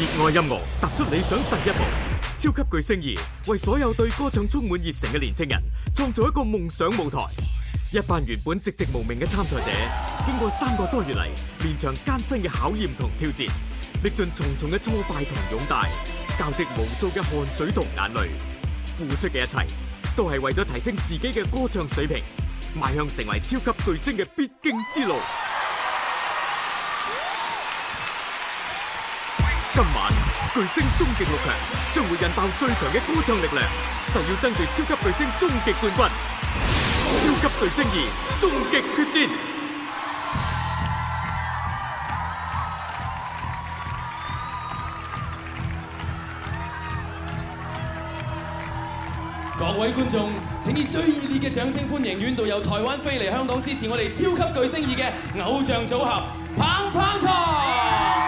熱愛音樂，踏出理想第一步。超級巨聲2，為所有對歌唱充滿熱誠嘅年輕人，創造一個夢想舞台。一班原本寂寂無名嘅參賽者，經過三個多月嚟，連場艱辛嘅考驗同挑戰，歷盡重重嘅挫敗同勇大，交織無數嘅汗水同眼淚，付出嘅一切，都係為咗提升自己嘅歌唱水平，邁向成為超級巨聲嘅必經之路。今晚巨聲終極六強將會引爆最強嘅歌唱力量，誓要爭奪超級巨聲終極冠軍。超級巨聲二終極決戰，各位觀眾，請以最熱烈嘅掌聲歡迎遠道由台灣飛嚟香港支持我哋超級巨聲二嘅偶像組合棒棒堂。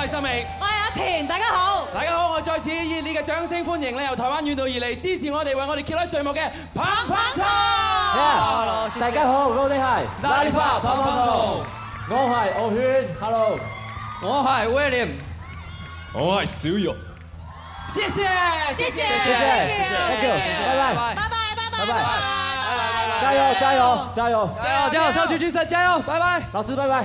我係森美，我係阿田，大家好。大家好，我再次以你嘅掌聲歡迎你由台灣遠道而嚟支持我哋為我哋揭開序幕嘅棒棒堂。Hello，大家好，我哋係 Lollipop 棒棒堂。我係敖犬，Hello。我係威廉，我係小煜。謝謝，謝謝，謝謝，Thank you，拜拜，拜拜，拜拜，拜拜，加油，加油，加油，加油，加油，超級巨聲，加油，拜拜，老師，拜拜。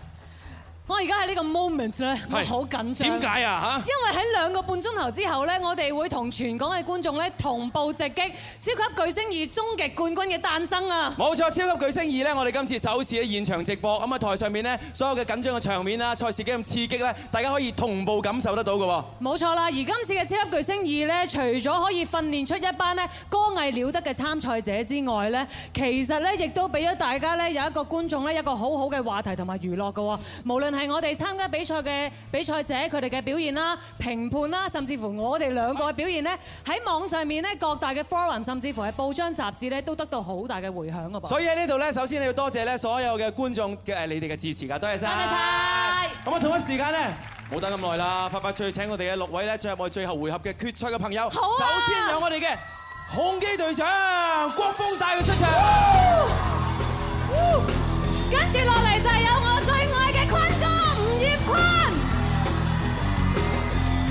我而家喺呢個 moment 咧，我好緊張，點解啊？吓？因為喺兩個半鐘頭之後咧，我哋會同全港嘅觀眾咧同步直擊《超級巨聲二》終極冠軍嘅誕生啊！冇錯，《超級巨聲二》咧，我哋今次首次咧現場直播，咁啊台上面咧，所有嘅緊張嘅場面啊，賽事幾咁刺激咧，大家可以同步感受得到嘅喎。冇錯啦，而今次嘅《超級巨聲二》咧，除咗可以訓練出一班咧歌藝了得嘅參賽者之外咧，其實咧亦都俾咗大家咧有一個觀眾咧一個好好嘅話題同埋娛樂嘅喎，無論係。係我哋參加比賽嘅比賽者佢哋嘅表現啦、評判啦，甚至乎我哋兩個嘅表現咧，喺網上面咧各大嘅 forum，甚至乎係報章雜誌咧都得到好大嘅迴響啊！所以喺呢度咧，首先你要多謝咧所有嘅觀眾嘅你哋嘅支持噶，多謝曬。多謝曬。咁啊同一時間咧，冇等咁耐啦，快快脆脆請我哋嘅六位咧進入我哋最後回合嘅決賽嘅朋友。好啊。首先有我哋嘅雄雞隊長國峰帶佢出場。跟住落嚟就係有我。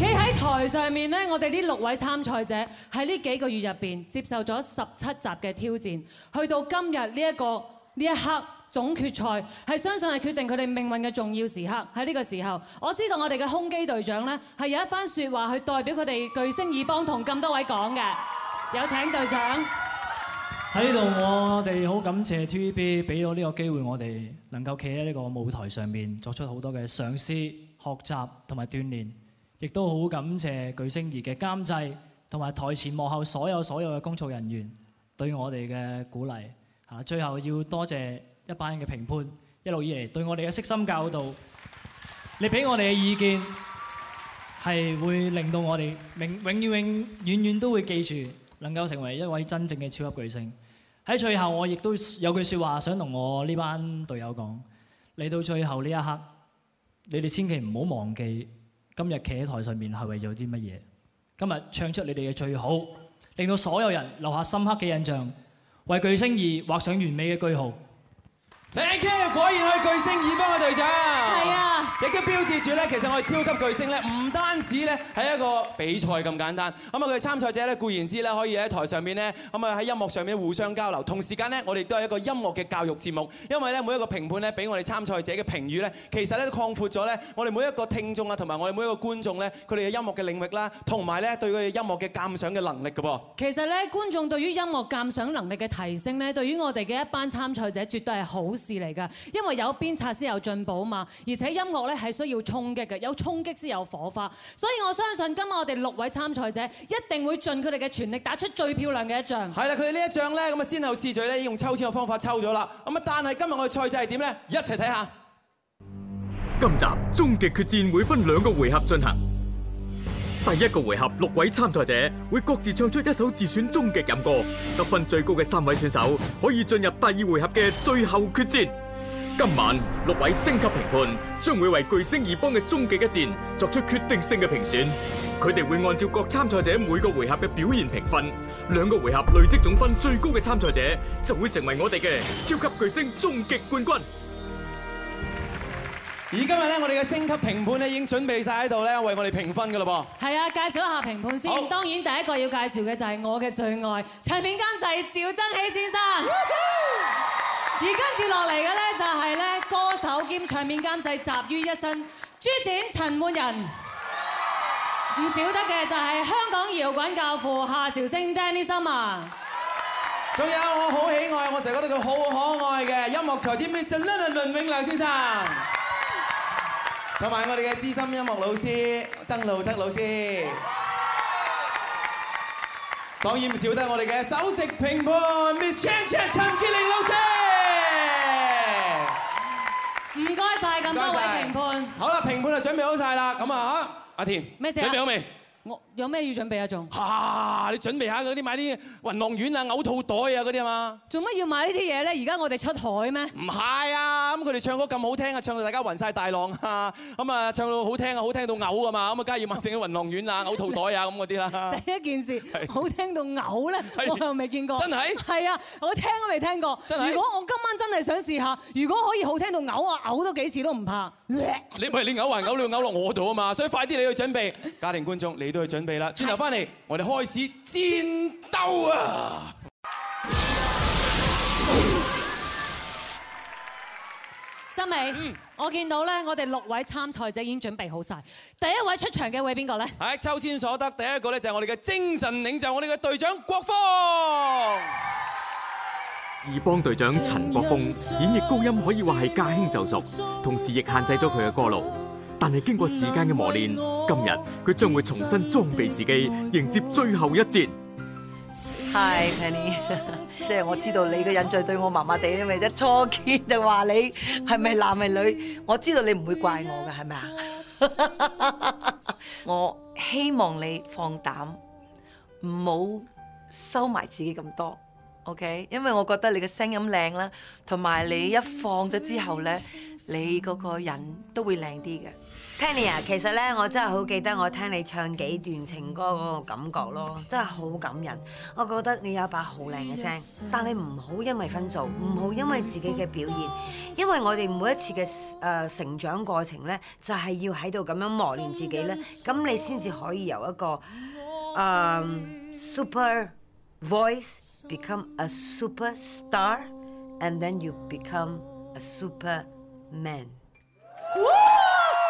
企喺台上面呢，我哋呢六位參賽者喺呢幾個月入邊接受咗十七集嘅挑戰，去到今日呢一個呢一刻總決賽係相信係決定佢哋命運嘅重要時刻。喺呢個時候，我知道我哋嘅國峰隊長呢，係有一番説話去代表佢哋巨聲二幫同咁多位講嘅，有請隊長喺度。我哋好感謝 TVB 俾到呢個機會，我哋能夠企喺呢個舞台上面作出好多嘅嘗試、學習同埋鍛鍊。亦都好感謝巨聲2嘅監製，同埋台前幕後所有所有嘅工作人員對我哋嘅鼓勵嚇，最後要多謝一班嘅評判一路以嚟對我哋嘅悉心教導，你俾我哋嘅意見係會令到我哋永永遠遠遠都會記住，能夠成為一位真正嘅超級巨聲。喺最後，我亦都有句說話想同我呢班隊友講：嚟到最後呢一刻，你哋千祈唔好忘記。今日企喺台上面係為咗啲乜嘢？今日唱出你哋嘅最好，令到所有人留下深刻嘅印象，為巨聲二畫上完美嘅句號。李 Key 果然係巨聲，二幫嘅隊長，係啊，亦都標誌住咧，其實我哋超級巨聲咧，唔單止咧係一個比賽咁簡單。咁啊，佢哋參賽者咧，固然之咧可以喺台上面咧，咁啊喺音樂上面互相交流。同時間咧，我哋都係一個音樂嘅教育節目，因為咧每一個評判咧俾我哋參賽者嘅評語咧，其實咧都擴闊咗咧我哋每一個聽眾啊，同埋我哋每一個觀眾咧，佢哋嘅音樂嘅領域啦，同埋咧對佢哋音樂嘅鑑賞嘅能力嘅噃。其實咧觀眾對於音樂鑑賞能力嘅提升咧，對於我哋嘅一班參賽者絕對係好事嚟噶，因為有鞭策先有進步嘛，而且音樂咧係需要衝擊嘅，有衝擊先有火花，所以我相信今日我哋六位參賽者一定會盡佢哋嘅全力，打出最漂亮嘅一仗。係啦，佢哋呢一仗咧，咁啊先後次序咧，用抽簽嘅方法抽咗啦。咁啊，但係今日我哋賽制係點咧？一齊睇下。今集終極決戰會分兩個回合進行。第一個回合，六位參賽者會各自唱出一首自選終極飲歌，得分最高嘅三位選手可以進入第二回合嘅最後決戰。今晚六位星級評判將會為巨聲二幫嘅終極一戰作出決定性嘅評選，佢哋會按照各參賽者每個回合嘅表現評分，兩個回合累積總分最高嘅參賽者就會成為我哋嘅超級巨聲終極冠軍。而今日咧，我哋嘅星級評判咧已經準備晒喺度咧，為我哋評分嘅咯噃。係啊，介紹一下評判先。好 當然第一個要介紹嘅就係我嘅最愛唱片監製趙增熹先生。而跟住落嚟嘅咧就係咧歌手兼唱片監製集於一身，朱展陳奐仁。唔少得嘅就係香港搖滾教父夏韶聲 Danny Summer。仲有我好喜愛，我成日覺得佢好可愛嘅音樂才子 Mr Lennon 倫永亮先生。同埋我哋嘅資深音樂老師曾路得老師，當然唔少得我哋嘅首席評判 Miss Chan 陳潔靈老師，唔該晒咁多位評判。好啦，評判就準備好晒啦，咁啊，阿田咩事，準備好未？我有咩要準備啊？仲嚇你準備下嗰啲買啲暈浪丸啊、嘔吐袋啊嗰啲啊嘛？做乜要買呢啲嘢咧？而家我哋出海咩？唔係啊！咁佢哋唱歌咁好聽啊，唱到大家暈晒大浪啊！咁啊，唱到好聽啊，好聽到嘔啊嘛！咁啊，梗係要買定啲暈浪丸啊、嘔吐袋啊咁嗰啲啦。第一件事好聽到嘔咧，我又未見過。真係。係啊，我聽都未聽過。真係。如果我今晚真係想試下，如果可以好聽到嘔啊，嘔多幾次都唔怕。你唔係你嘔還嘔，你要嘔落我度啊嘛！所以快啲你去準備，家庭觀眾你。你都去準備啦！轉頭翻嚟，是我哋開始戰鬥啊！森美，我見到咧，我哋六位參賽者已經準備好晒。第一位出場嘅會邊個咧？喺抽籤所得第一個咧，就係我哋嘅精神領袖，我哋嘅隊長國峰。二幫隊長陳國峰演繹高音可以話係駕輕就熟，同時亦限制咗佢嘅歌路。但係經過時間嘅磨練，今日佢將會重新裝備自己，迎接最後一戰。Hi Penny，即係我知道你嘅印象對我麻麻地，因為初見就話你係咪男係女，我知道你唔會怪我噶，係咪啊？我希望你放膽，唔好收埋自己咁多，OK？因為我覺得你嘅聲音靚啦，同埋你一放咗之後咧，你嗰個人都會靚啲嘅。t e n n y 啊，其實咧，我真係好記得我聽你唱幾段情歌嗰個感覺咯，真係好感人。我覺得你有一把好靚嘅聲，但你唔好因為分組，唔好因為自己嘅表現，因為我哋每一次嘅誒成長過程咧，就係要喺度咁樣磨練自己啦，咁你先至可以由一個誒、um, super voice become a super star，and then you become a super man。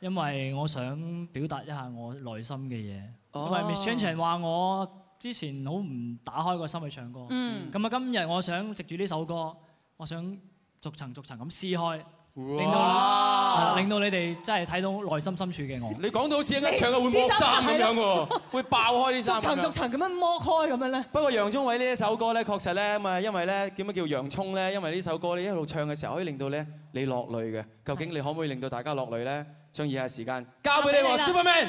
因為我想表達一下我內心嘅嘢，啊，因為 Miss Chan Chan 話我之前好唔打開個心去唱歌，咁啊今日我想藉住呢首歌，我想逐層逐層咁撕開令到，哇 uh, 令到你哋真係睇到內心深處嘅我你說會會會。你講到好似啱啱唱嘅會剝衫咁樣嘅喎，會爆開啲衫逐層這樣 逐層咁樣剝開咁樣咧。不過楊宗緯呢一首歌咧，確實咧咁啊，因為咧叫乜叫洋蔥咧？因為呢首歌咧一路唱嘅時候可以令到咧你落淚嘅。究竟你可唔可以令到大家落淚咧？是的 將以下時間交俾你和 Superman。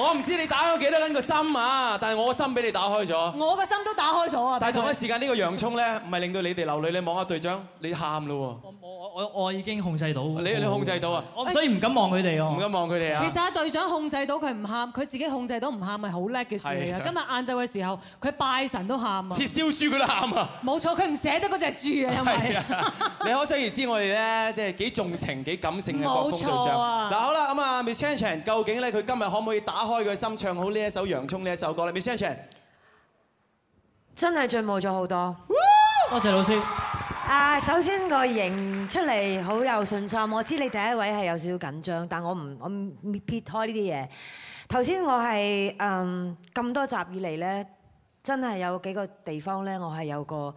我唔知你打咗幾多個人個心啊，但係我個心俾你打開咗。我個心都打開咗啊！但係同一時間呢個洋葱咧，唔係令到你哋流淚，你望下隊長，你喊咯喎！我我我我已經控制到。你你控制到啊！所以唔敢望佢哋喎。唔敢望佢哋啊！其實啊，隊長控制到佢唔喊，佢自己控制到唔喊，係好叻嘅事嚟啊！今日晏晝嘅時候，佢拜神都喊啊！切燒豬佢都喊啊！冇錯，佢唔捨得嗰隻豬啊，因為你可想而知，我哋咧即係幾重情、幾感性嘅國峰隊長。嗱好啦，咁啊，Miss Chan Chan 究竟咧佢今日可唔可以打？開個心唱好呢一首《洋葱》呢一首歌，你 m i c 真係進步咗好多。多謝老師。誒，首先、那個型出嚟好有信心。我知你第一位係有少少緊張，但我唔我撇開呢啲嘢。頭先我係誒咁多集以嚟咧，真係有幾個地方咧，我係有個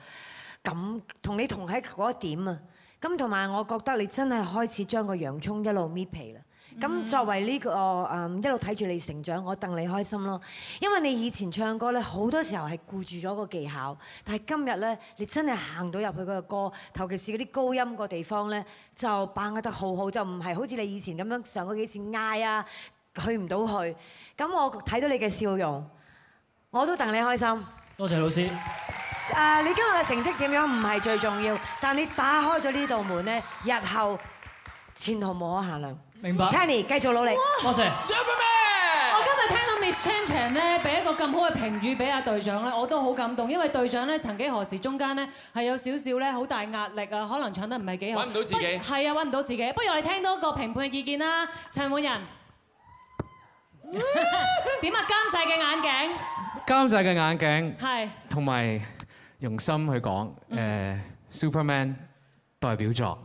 感同你同喺嗰一點啊。咁同埋我覺得你真係開始將個洋葱一路搣皮啦。咁作為呢個誒一路睇住你成長，我戥你開心咯。因為你以前唱歌咧，好多時候係顧住咗個技巧，但係今日呢，你真係行到入去嗰個歌，尤其是嗰啲高音個地方呢，就把握得好好，就唔係好似你以前咁樣上過幾次嗌啊，去唔到去。咁我睇到你嘅笑容，我都戥你開心。多謝老師。你今日嘅成績點樣唔係最重要，但你打開咗呢道門呢，日後前途無可限量。明白，Kenny 繼續努力，多謝。Superman。我今日聽到 Miss Chan Chan 咧，俾一個咁好嘅評語俾阿隊長咧，我都好感動，因為隊長咧，曾幾何時中間咧，係有少少咧，好大壓力啊，可能唱得唔係幾好。揾唔到自己。係啊，揾唔到自己。不如我哋聽多個評判嘅意見啦，陳奐仁。點啊監製嘅眼鏡？監製嘅眼鏡。係。同埋用心去講，誒 Superman 代表作。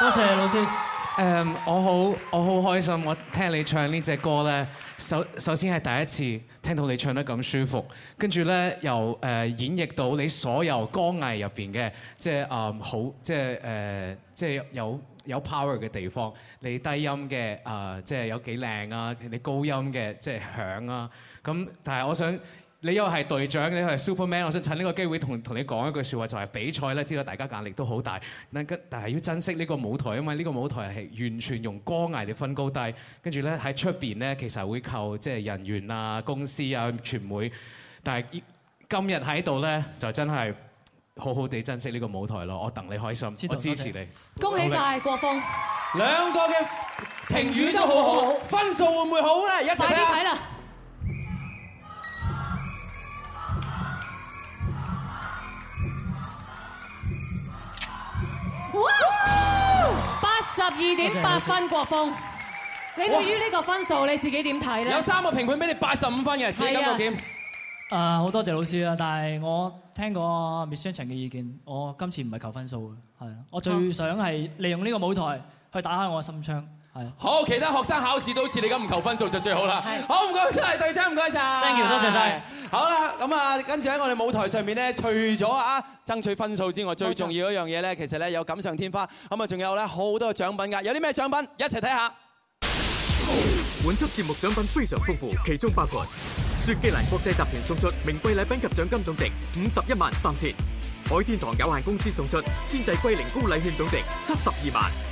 多謝老師。誒，我好，我好開心。我聽你唱呢隻歌咧，首首先係第一次聽到你唱得咁舒服，跟住咧又誒演繹到你所有歌藝入邊嘅，即係啊好，即係誒，即係有有 power 嘅地方。你低音嘅啊，即係有幾靚啊，你高音嘅即係響啊。咁，但係我想。你又係隊長，你又係 Superman，我想趁呢個機會同同你講一句説話，就係比賽咧，知道大家壓力都好大，但係要珍惜呢個舞台，因為呢個舞台係完全用歌藝嚟你分高低，跟住咧喺出邊咧其實會靠即係人員啊、公司啊、傳媒，但係今日喺度咧就真係好好地珍惜呢個舞台咯！我等你開心，我支持你，我支持你，恭喜晒國峰。兩個嘅評語都好好好，分數會唔會好咧？一齊睇啦！八十二點八分國峰，你對於呢個分數你自己點睇咧？有三個評判俾你八十五分嘅，自己感覺點？啊，好多謝老師啊！但係我聽過 Miss 陳嘅意見，我今次唔係求分數嘅，啊，我最想係利用呢個舞台去打開我嘅心窗。係好，其他學生考試都似你咁唔求分數就最好啦。係好，唔該，出嚟隊長，唔該晒。thank you，多謝晒。好啦，咁啊，跟住喺我哋舞台上面呢，除咗啊爭取分數之外，對 最重要一樣嘢咧，其實咧有錦上添花，咁啊仲有咧好多獎品噶。有啲咩獎品？一齊睇下。本輯節目獎品非常豐富，其中包括雪肌蘭國際集團送出名貴禮品及獎金總值五十一萬三千，海天堂有限公司送出鮮製龜苓膏禮券總值七十二萬。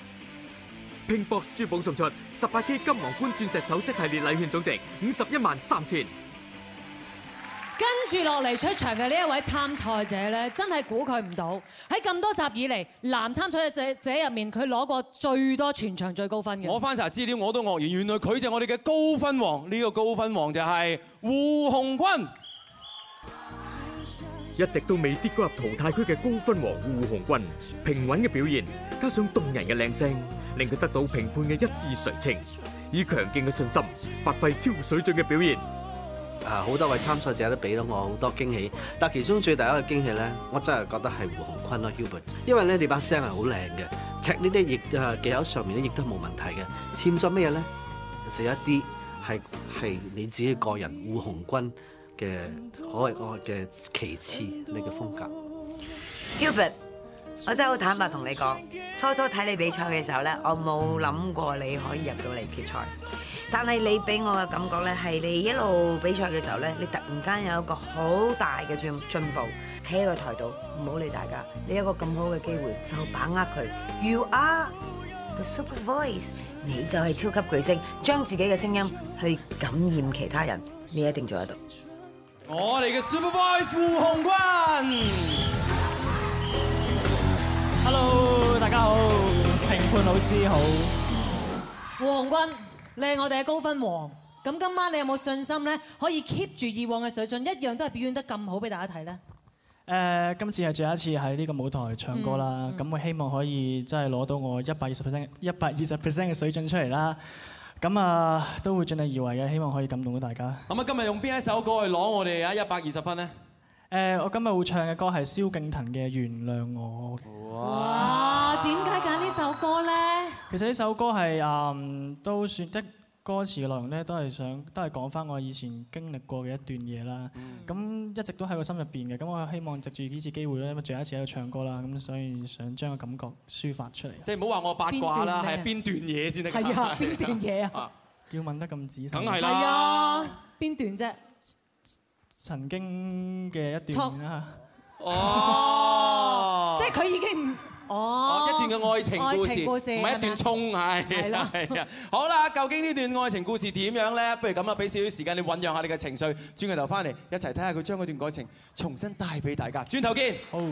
拼搏珠寶送出十八 K 金王冠、鑽石首飾系列禮券總值五十一萬三千。13, 跟住落嚟出場嘅呢一位參賽者咧，真係估佢唔到。喺咁多集以嚟男參賽者者入面，佢攞過最多全場最高分嘅。我翻查資料，我都愕然，原來佢就係我哋嘅高分王。呢、呢個高分王就係胡鴻鈞。一直都未跌過入淘汰區嘅高分王胡鴻鈞，平穩嘅表現加上動人嘅靚聲，令佢得到評判嘅一致垂青，以強勁嘅信心發揮超水準嘅表現。啊，好多位參賽者都俾到我好多驚喜，但係其中最大一個驚喜咧，我真係覺得係胡鴻鈞咯，Hubert，因為咧，你把聲係好靚嘅，踢呢啲亦啊技巧上面咧亦都冇問題嘅。欠咗咩嘢咧？就有一啲係係你自己個人胡鴻鈞嘅。所謂嘅其次，你嘅風格。Hubert，我真係好坦白同你講，初初睇你比賽嘅時候咧，我冇諗過你可以入到嚟決賽。但係你俾我嘅感覺咧，係你一路比賽嘅時候咧，你突然間有一個好大嘅進進步。企喺個台度，唔好理大家。你有一個咁好嘅機會，就把握佢。You are the super voice，你就係超級巨星，將自己嘅聲音去感染其他人。你一定做得到。我哋嘅 Super Voice 胡鴻鈞，Hello，大家好，評判老師好，胡鴻鈞，你係我哋嘅高分王，咁今晚你有冇信心咧，可以 keep 住以往嘅水準，一樣都係表演得咁好俾大家睇咧？誒，今次係最後一次喺呢個舞台唱歌啦，咁我希望可以真係攞到我一百二十 percent、一百二十 percent 嘅水準出嚟啦。咁啊，都會盡力而為嘅，希望可以感動到大家。咁啊，今日用邊一首歌去攞我哋啊一百二十分呢？誒，我今日會唱嘅歌係蕭敬騰嘅《原諒我》。哇！點解揀呢首歌咧？其實呢首歌係誒，都算即。歌詞內容咧都係想都係講翻我以前經歷過嘅一段嘢啦，咁一直都喺個心入邊嘅，咁我希望藉住呢次機會咧，咁最後一次喺度唱歌啦，咁所以想將個感覺抒發出嚟。即係唔好話我八卦啦，係邊段嘢先得㗎？係啊，邊段嘢啊？要問得咁仔細。梗係啦。係啊，邊段啫？曾經嘅一段啊。錯哦。即係佢已經哦，哦一段嘅愛情故事，唔係一段衝啊！係啦，係啊，好啦，究竟呢段愛情故事點樣咧？不如咁啦，俾少少時間你醞釀下你嘅情緒，轉個頭翻嚟一齊睇下佢將嗰段感情重新帶俾大家，轉頭見。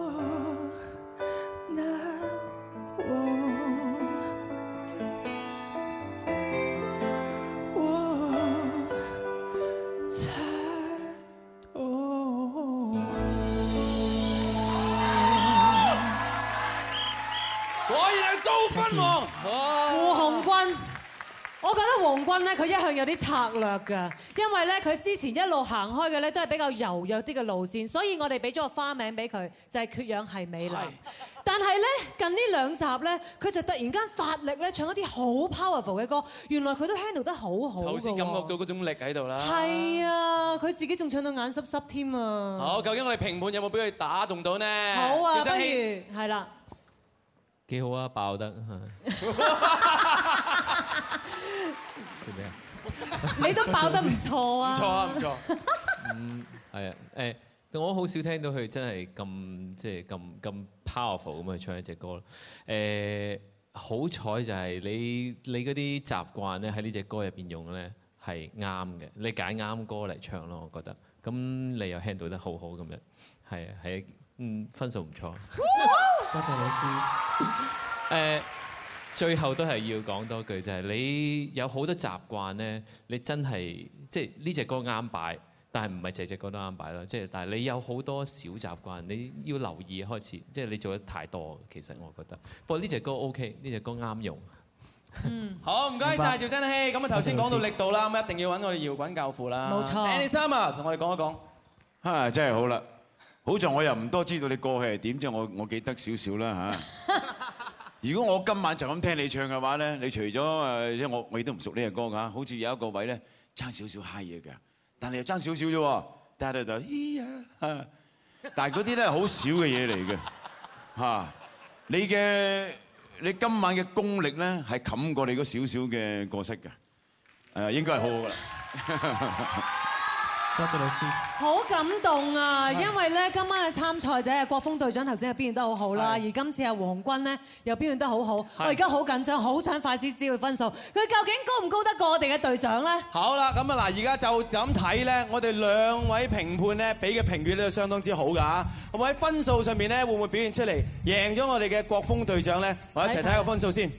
我覺得鴻鈞咧，佢一向有啲策略㗎，因為咧佢之前一路行開嘅咧都係比較柔弱啲嘅路線，所以我哋俾咗個花名俾佢，就係，就係缺氧係美男。是 但係咧近呢兩集咧，佢就突然間發力咧，唱一啲好 powerful 嘅歌，原來佢都 handle 得好好。頭先感覺到嗰種力喺度啦。係啊，佢自己仲唱到眼濕濕添啊！好，究竟我哋評判有冇俾佢打動到呢？好啊，不如係啦，幾氣 對了 好啊，爆得 你都爆得唔錯啊！唔錯啊，唔錯。嗯，係啊。誒， 我好少聽到佢真係咁，即係咁咁 powerful 咁去唱一隻歌咯。誒，好彩就係你你嗰啲習慣咧喺呢隻歌入邊用咧係啱嘅。你揀啱歌嚟唱咯，我覺得。咁你又 handle 得好好咁樣，係啊，係啊，嗯，分數唔錯。哇多謝老師。誒。 最後都係要講多句，就係你有好多習慣咧，你真係即係呢隻歌啱擺，但係唔係隻隻歌都啱擺啦。即係但係你有好多小習慣，你要留意開始，即係你做得太多，其實我覺得。不過呢隻歌 OK，呢隻歌啱用。嗯、好，唔該晒趙增熹。咁啊，頭先講到力度啦，咁啊，一定要揾我哋搖滾教父啦。冇錯。Danny Summer 啊，同我哋講一講。嚇，真係好啦。好在我又唔多知道你過去係點，即係我我記得少少啦嚇。如果我今晚就咁聽你唱嘅話咧，你除咗誒，即係我我亦都唔熟呢個歌㗎，好似有一個位咧爭少少嗨嘢嘅，但係又爭少少啫喎，但係就咿呀但係嗰啲咧係好少嘅嘢嚟嘅嚇，你嘅你今晚嘅功力咧係冚過你嗰少少嘅角色嘅，誒應該係好好嘅。多謝，謝老師，好感動啊！因為咧，是的 今晚嘅參賽者啊，國峰隊長頭先係表現得好好啦，是的 而今次阿鴻鈞呢又表現得好好。是的 我而家好緊張，好想快啲知道分數，佢究竟高唔高得過我哋嘅隊長咧？好啦，咁啊嗱，而家就咁睇咧，我哋兩位評判咧俾嘅評語呢都相當之好㗎。咁咪喺分數上面咧會唔會表現出嚟贏咗我哋嘅國峰隊長咧？我一齊睇下個分數先。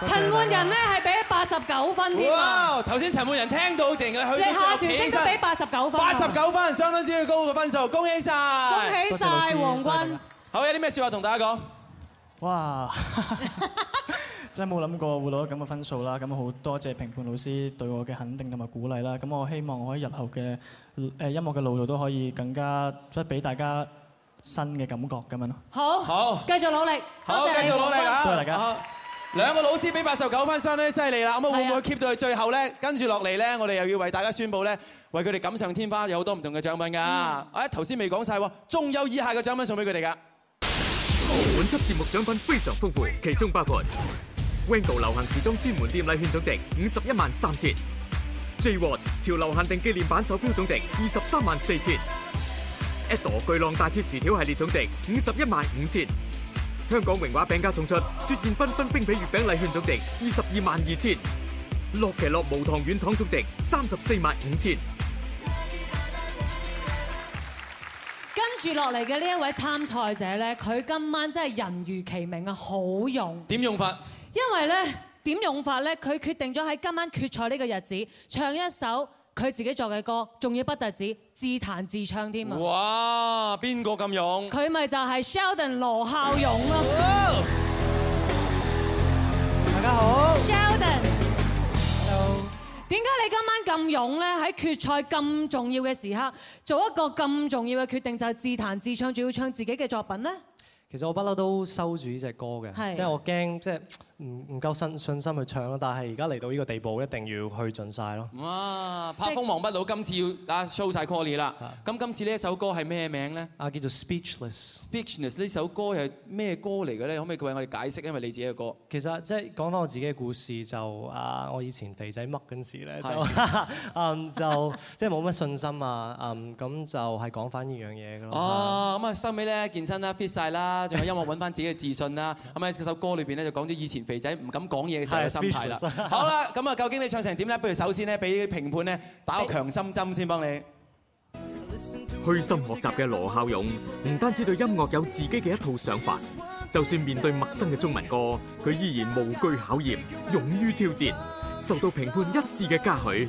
陳奐仁咧係俾八十九分添啊！頭先陳奐仁聽到淨係，謝夏璇即刻俾八十九分，八十九分相當之高嘅分數，恭喜曬！恭喜曬鴻鈞！好，有啲咩說話同大家講？哇！真係冇諗過會攞到咁嘅分數啦！咁好多謝評判老師對我嘅肯定同埋鼓勵啦！咁我希望我喺日後嘅誒音樂嘅路途都可以更加即係俾大家新嘅感覺咁樣咯。好，好，繼續努力！好，繼續努力啊！多謝大家。兩個老師俾八十九分相，生咧犀利啦！咁啊，會唔會 keep 到去最後咧？跟住落嚟咧，我哋又要為大家宣布咧，為佢哋錦上添花，有好多唔同嘅獎品噶、嗯。哎，頭先未講晒，仲有以下嘅獎品送俾佢哋噶。本輯節目獎品非常豐富，其中包括 Wanko 流行時裝專門店禮券總值五十一萬三千，J Watch 潮流限定紀念版手錶總值二十三萬四千，Edo 巨浪大切薯條系列總值五十一萬五千。香港榮華餅家送出雪燕繽紛冰皮月餅禮券總值二十二萬二千，樂奇樂無糖軟糖總值三十四萬五千。跟住落嚟嘅呢一位參賽者咧，佢今晚真係人如其名啊，好勇。點勇法？因為咧，點勇法咧？佢決定咗喺今晚決賽呢個日子唱一首。佢自己作嘅歌，仲要不特止自彈自唱添啊！哇，邊個咁勇？佢咪就係 Sheldon 羅孝勇咯！大家好，Sheldon，Hello，點解你今晚咁勇咧？喺決賽咁重要嘅時刻，做一個咁重要嘅決定，就係自彈自唱，仲要唱自己嘅作品咧？其實我不嬲都收住呢隻歌嘅，即係係，我驚，即係。唔唔夠信信心去唱咯，但係而家嚟到呢個地步，一定要去盡曬咯。哇！拍風望不到，今次要大家 show 曬 cooler 啦。咁今次呢一首歌係咩名咧？啊，叫做 Speechless。Speechless 呢首歌係咩歌嚟嘅咧？可唔可以各位我哋解釋？因為你自己嘅歌。其實即係講翻我自己嘅故事，就啊，我以前肥仔乜嗰陣時咧，就嗯就即係冇乜信心啊，嗯咁就係講翻呢樣嘢嘅咯。哦，咁啊收尾咧健身啦 fit 曬啦，仲有音樂揾翻自己嘅自信啦。咁喺嗰首歌裏邊咧就講咗以前。肥仔唔敢講嘢嘅時候嘅心態啦。對好啦了，咁啊，究竟你唱成點咧？不如首先咧，俾評判咧打個強心針先，幫你。是虛心學習嘅羅孝勇，唔單止對音樂有自己嘅一套想法，就算面對陌生嘅中文歌，佢依然無懼考驗，勇於挑戰，受到評判一致嘅嘉許。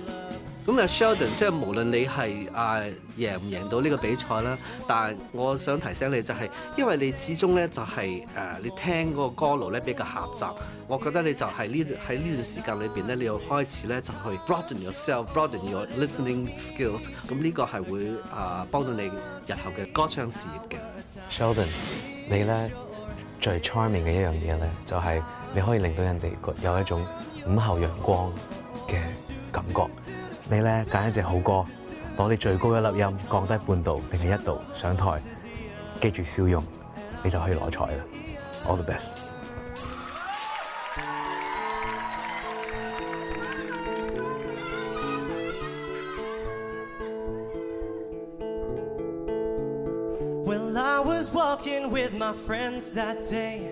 咁啊，Sheldon，即係無論你係啊贏唔贏到呢個比賽啦，但係我想提醒你就係，因為你始終咧就係你聽嗰個歌路咧比較狹窄，我覺得你就係呢喺呢段時間裏邊咧，你要開始咧就去 broaden yourself，broaden your listening skills。咁呢個係會啊幫到你日後嘅歌唱事業嘅。Sheldon，你咧最 charming 嘅一樣嘢咧，就係你可以令到人哋有一種午後陽光嘅感覺。你咧揀一隻好歌，攞你最高一粒音，降低半度，定係一度上台，記住笑容，你就可以攞彩啦！All the best。I was walking with my friends that day.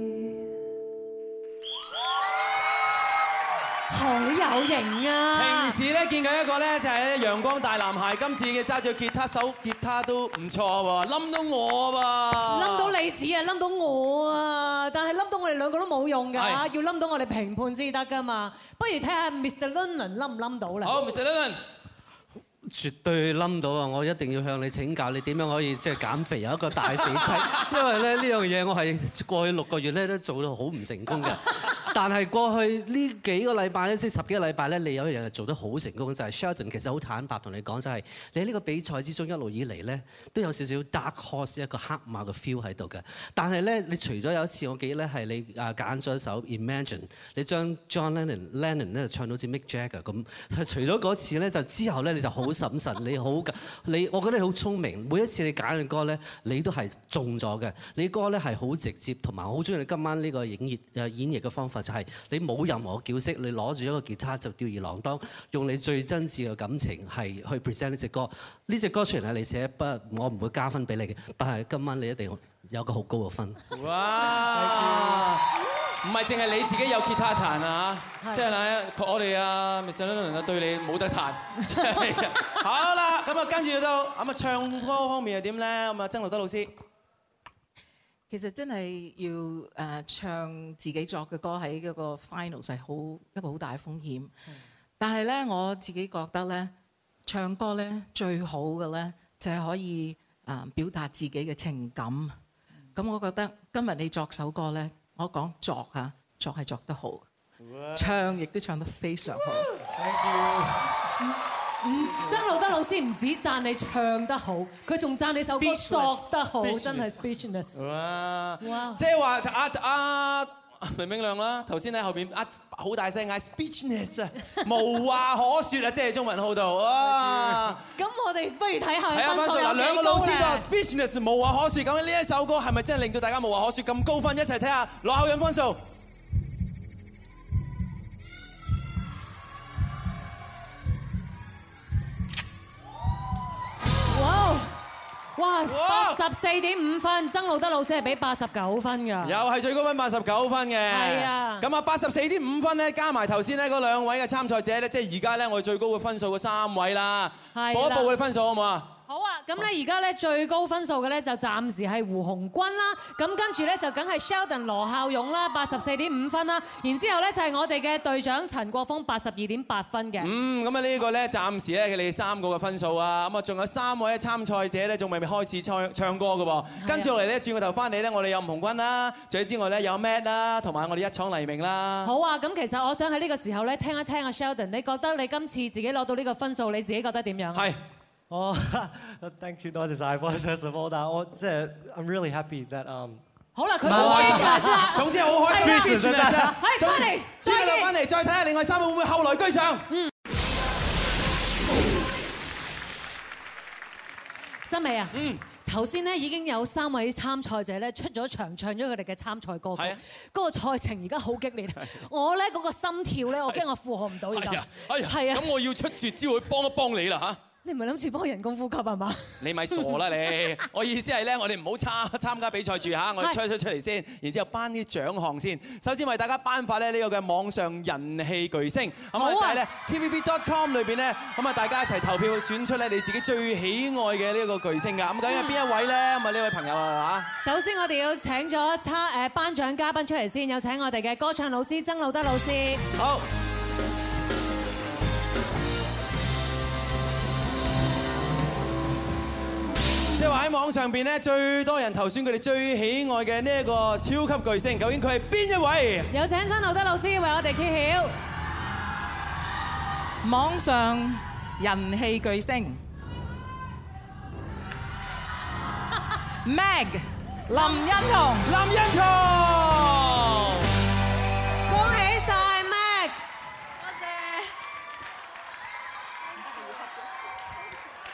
好有型啊！平時咧見緊一個咧就係陽光大男孩，今次嘅揸住吉他手吉他都唔錯喎，冧到我噃，冧到你只啊，冧到我啊！但係冧到我哋兩個都冇用㗎，要冧到我哋評判先得㗎嘛！不如睇下 Mr. London 冧唔冧到啦。好，Mr. London 絕對冧到啊！我一定要向你請教，你點樣可以即係減肥有一個大肥仔？因為咧呢樣嘢我係過去六個月咧都做到好唔成功嘅。但係過去呢幾個禮拜咧，即係十幾個禮拜咧，你有樣嘢做得好成功就係 Sheldon。其實好坦白同你講，就係你呢個比賽之中一路以嚟咧都有少少 dark horse 一個黑馬嘅 feel 喺度嘅。但係咧，你除咗有一次我記咧係你啊揀咗一首 Imagine，你將 John Lennon Lennon 唱到似 Mick Jagger 咁。除咗嗰次咧，就之後咧你就好。Sheldon，你好嘅，你我覺得你好聰明。每一次你揀嘅歌咧，你都係中咗嘅。你歌咧係好直接，同埋我好中意你今晚呢個演繹誒演繹嘅方法，就係你冇任何嘅矯飾，你攞住一個吉他就吊兒郎當，用你最真摯嘅感情係去 present 呢隻歌，歌。呢隻歌雖然係你寫，不過我唔會加分俾你嘅，但係今晚你一定有一個好高嘅分。唔係淨係你自己有吉他彈啊！即係咧，我哋啊，Miss 啊，對你冇得彈。就是、 好啦，咁啊，跟住到咁啊，唱歌方面又點咧？咁啊，曾路得老師，其實真係要誒唱自己作嘅歌喺嗰個 final 係好一個好大風險。是的但係咧，我自己覺得咧，唱歌咧最好嘅咧就係可以誒表達自己嘅情感。咁的我覺得今日你作首歌咧。我講作啊，作係作，作得好，Wow. 唱亦都唱得非常好。唔唔曾路得老師唔止讚你唱得好，佢仲讚你首歌 Speechless. 作得好，Speechless. 真係哇 Wow. Wow.！即係話阿阿。啊明明亮啦，頭先喺後邊啊，好大聲嗌 Speechless，無話可説啊！即係中文號度啊，咁、嗯、我哋不如睇下。啊，分數嗱，睇下分數兩個老師噶 Speechless 無話可説，咁呢一首歌係咪真係令到大家無話可説咁高分？一齊睇下攞口音分數。哇，八十四點五分，曾路得老師係俾八十九分㗎，又係最高分八十九分嘅。係啊，咁啊，八十四點五分咧，加埋頭先咧嗰兩位嘅參賽者咧，即係而家咧我哋最高嘅分數嘅三位啦。補一補佢分數好唔好啊？好啊，咁咧而家咧最高分數嘅咧就暫時係胡鴻鈞啦，咁跟住咧就梗係 Sheldon 羅孝勇啦，八十四點五分啦，然之後咧就係我哋嘅隊長陳國峰，八十二點八分嘅。嗯，咁啊呢個咧暫時咧佢哋三個嘅分數啊，咁啊仲有三位參賽者咧仲未未開始唱唱歌㗎喎，跟住落嚟咧轉個頭翻嚟咧，我哋有吳業坤啦，除此之外咧有 Mag 啦，同埋我哋一廠黎明啦。好啊，咁其實我想喺呢個時候咧聽一聽阿 Sheldon，你覺得你今次自己攞到呢個分數，你自己覺得點樣？哦，thank you 多謝曬，多謝 supporter。我即係，I'm really happy that，好啦，佢好開心，總之我開心先得啫。再，翻嚟，再睇下另外三位會唔會後來居上。嗯。森美啊，嗯，頭先咧已經有三位參賽者咧出咗場唱咗佢哋嘅參賽歌曲，嗰個賽程而家好激烈，我咧嗰個心跳咧，我驚我負荷唔到而家。係啊，咁我要出絕招去幫一幫你啦嚇。你唔係諗住幫人工呼吸啊嘛？你咪傻啦你！我意思係咧，我哋唔好參參加比賽住嚇，我哋吹一出出嚟先，然之後頒啲獎項先。首先為大家頒發咧呢個嘅網上人氣巨星，咁啊就係咧 TVB.com 裏邊咧，咁啊大家一齊投票去選出咧你自己最喜愛嘅呢個巨星㗎。咁究竟係邊一位咧？咁啊呢位朋友啊嚇。首先我哋要請咗參誒頒獎嘉賓出嚟先，有請我哋嘅歌唱老師曾路得老師。好。即係話喺網上邊咧，最多人投選佢哋最喜愛嘅呢一個超級巨聲，究竟佢係邊一位？有請曾路得老師為我哋揭曉網上人氣巨聲 Mag 林欣彤，林欣彤，恭喜曬！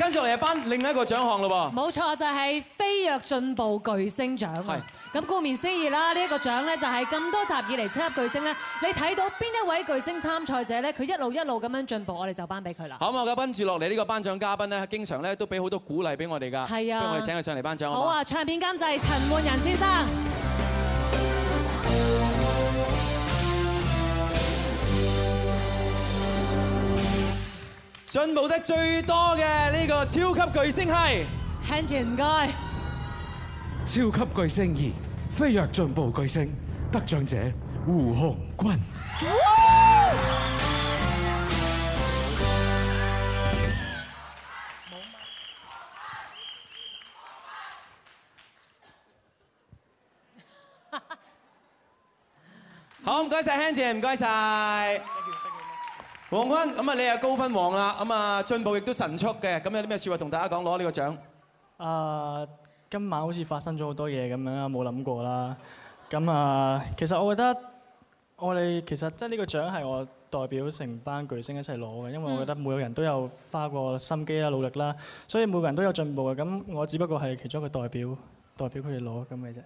跟住我哋又頒另一個獎項咯噃，冇錯就係，係，飛躍進步巨星獎。咁顧名思義啦，呢一個獎咧就係咁多集以嚟超級巨星咧，你睇到邊一位巨星參賽者咧，佢一路一路咁樣進步，我哋就頒俾佢啦。好啊，咁跟住落嚟呢個頒獎嘉賓咧，經常咧都俾好多鼓勵俾我哋㗎。係啊，我哋請佢上嚟頒獎。好啊，唱片監製陳奐仁先生。進步得最多嘅呢個超級巨聲係，Henry 唔該。超級巨聲二飛躍進步巨聲得獎者胡鴻鈞。好唔該曬 Henry，唔該曬。鴻鈞咁啊，你又高分王啦，咁啊進步亦都神速嘅。咁有啲咩說話同大家講攞呢個獎？啊，今晚好似發生咗好多嘢咁樣啦，冇諗過啦。咁啊，其實我覺得我哋其實即係呢個獎係我代表成班巨聲一齊攞嘅，因為我覺得每個人都有花過心機啦、努力啦，所以每個人都有進步嘅。咁我只不過係其中一個代表，代表佢哋攞咁嘅啫。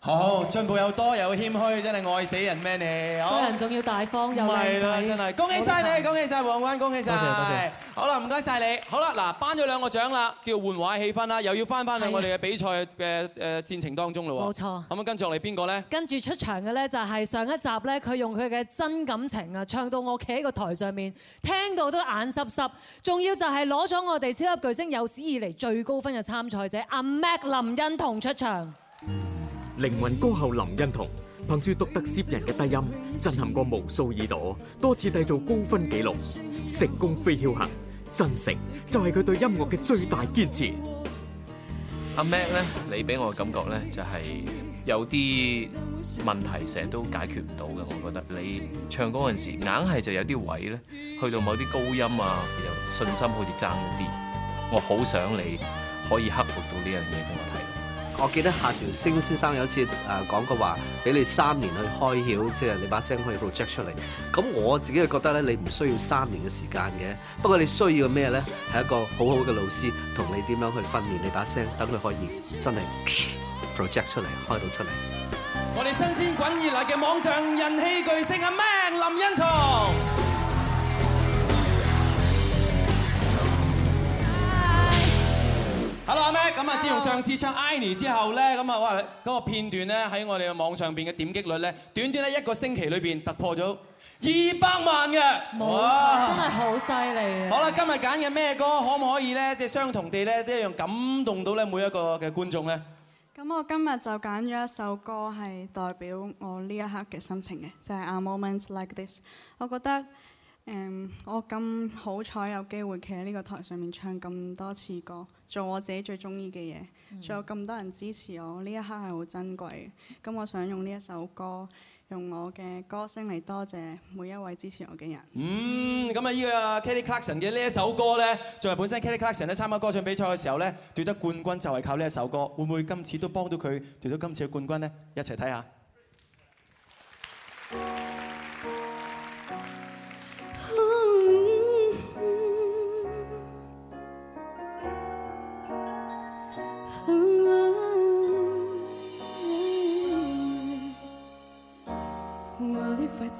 好進步，又多又謙虛，真係愛死人咩？你好人仲要大方又靚仔，真係恭喜晒你，恭喜晒黃冠，恭喜晒。多謝多謝。好啦，唔該晒你好啦。好啦，嗱，頒咗兩個獎啦，叫換話氣氛啦，又要翻翻去我哋嘅比賽嘅誒戰程當中啦。冇錯。咁樣跟住落嚟邊個咧？跟住出場嘅咧就係上一集咧，佢用佢嘅真感情啊，唱到我企喺個台上面聽到都眼濕濕，仲要就係攞咗我哋超級巨聲有史以嚟最高分嘅參賽者阿 Mag 林欣彤出場。靈魂歌后林欣彤，憑住獨特攝人嘅低音，震撼過無數耳朵，多次締造高分紀錄，成功非僥倖，真誠就係佢對音樂嘅最大堅持。阿 Mag 咧，你俾我感覺咧就係有啲問題成日都解決唔到嘅，我覺得你唱歌嗰陣時，硬係就有啲位咧，去到某啲高音啊，又信心好似爭啲，我好想你可以克服到呢樣嘢㗎嘛。我記得夏韶聲先生有一次誒講過話，俾你三年去開竅，即係你把聲可以 project 出嚟。咁我自己又覺得咧，你唔需要三年嘅時間嘅。不過你需要咩咧？係一個好好嘅老師同你點樣去訓練你把聲，等佢可以真係 project 出嚟，開到出嚟。我哋新鮮滾熱辣嘅網上人氣巨星阿 Mag 林欣彤。Hello，阿 Mag，咁啊，自從上次唱《I Need》之後咧，咁啊，哇，嗰個片段咧喺我哋嘅網上邊嘅點擊率咧，短短咧一個星期裏邊突破咗二百萬嘅，哇，真係好犀利啊！好啦，今日揀嘅咩歌，可唔可以咧，即係相同地咧，都一樣感動到咧每一個嘅觀眾咧？咁我今日就揀咗一首歌係代表我呢一刻嘅心情嘅，就係《A Moment Like This》，我覺得。誒，我咁好彩有機會企喺呢個台上面唱咁多次歌，做我自己最中意嘅嘢，仲有咁多人支持我，呢一刻係好珍貴嘅。咁我想用呢一首歌，用我嘅歌聲嚟多謝每一位支持我嘅人。嗯，咁啊，呢個 Kelly Clarkson 嘅呢一首歌呢，作為本身 Kelly Clarkson 呢參加歌唱比賽嘅時候呢，奪得冠軍就係靠呢一首歌，會唔會今次都幫到佢奪到今次嘅冠軍呢？一齊睇下。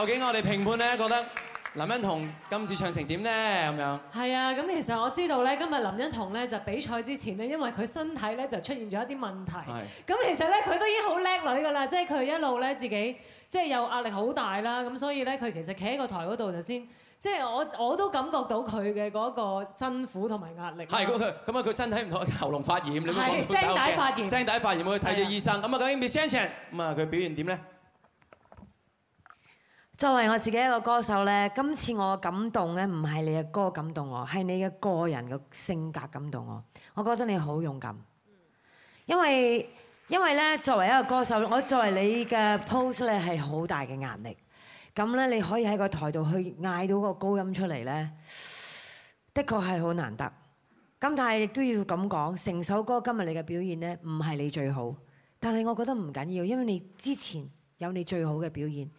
究竟我哋評判咧覺得林欣彤今次唱成點咧咁樣？係啊，咁其實我知道咧，今日林欣彤咧就比賽之前咧，因為佢身體咧就出現咗一啲問題。係。咁其實咧，佢都已經好叻女㗎啦，即係佢一路咧自己即係又壓力好大啦，咁所以咧佢其實企喺個台嗰度就先，即係我我都感覺到佢嘅嗰個辛苦同埋壓力。係，咁佢咁啊，佢身體唔妥，喉嚨發炎。係聲帶發炎。聲帶發炎，我去睇咗醫生。咁啊，究竟《Mr. Chang》咁啊，佢表現點咧？作為我自己一個歌手呢，今次我嘅感動呢，唔係你嘅歌感動我，係你嘅個人嘅性格感動我。我覺得你好勇敢，因為因為呢，作為一個歌手，我作為你嘅 pose 呢，係好大嘅壓力。咁呢，你可以喺個台度去嗌到個高音出嚟呢，的確係好難得。咁但係亦都要咁講，成首歌今日你嘅表現呢，唔係你最好，但係我覺得唔緊要，因為你之前有你最好嘅表現。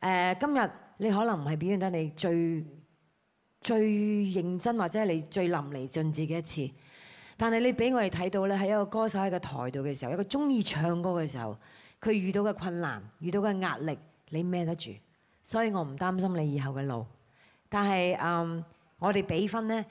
誒，今日你可能唔係表現得你最最認真或者係你最淋漓盡致嘅一次但，但係你俾我哋睇到咧，係一個歌手喺個台度嘅時,時候，一個中意唱歌嘅時候，佢遇到嘅困難、遇到嘅壓力，你孭得住，所以我唔擔心你以後嘅路。但係，嗯，我哋比分呢，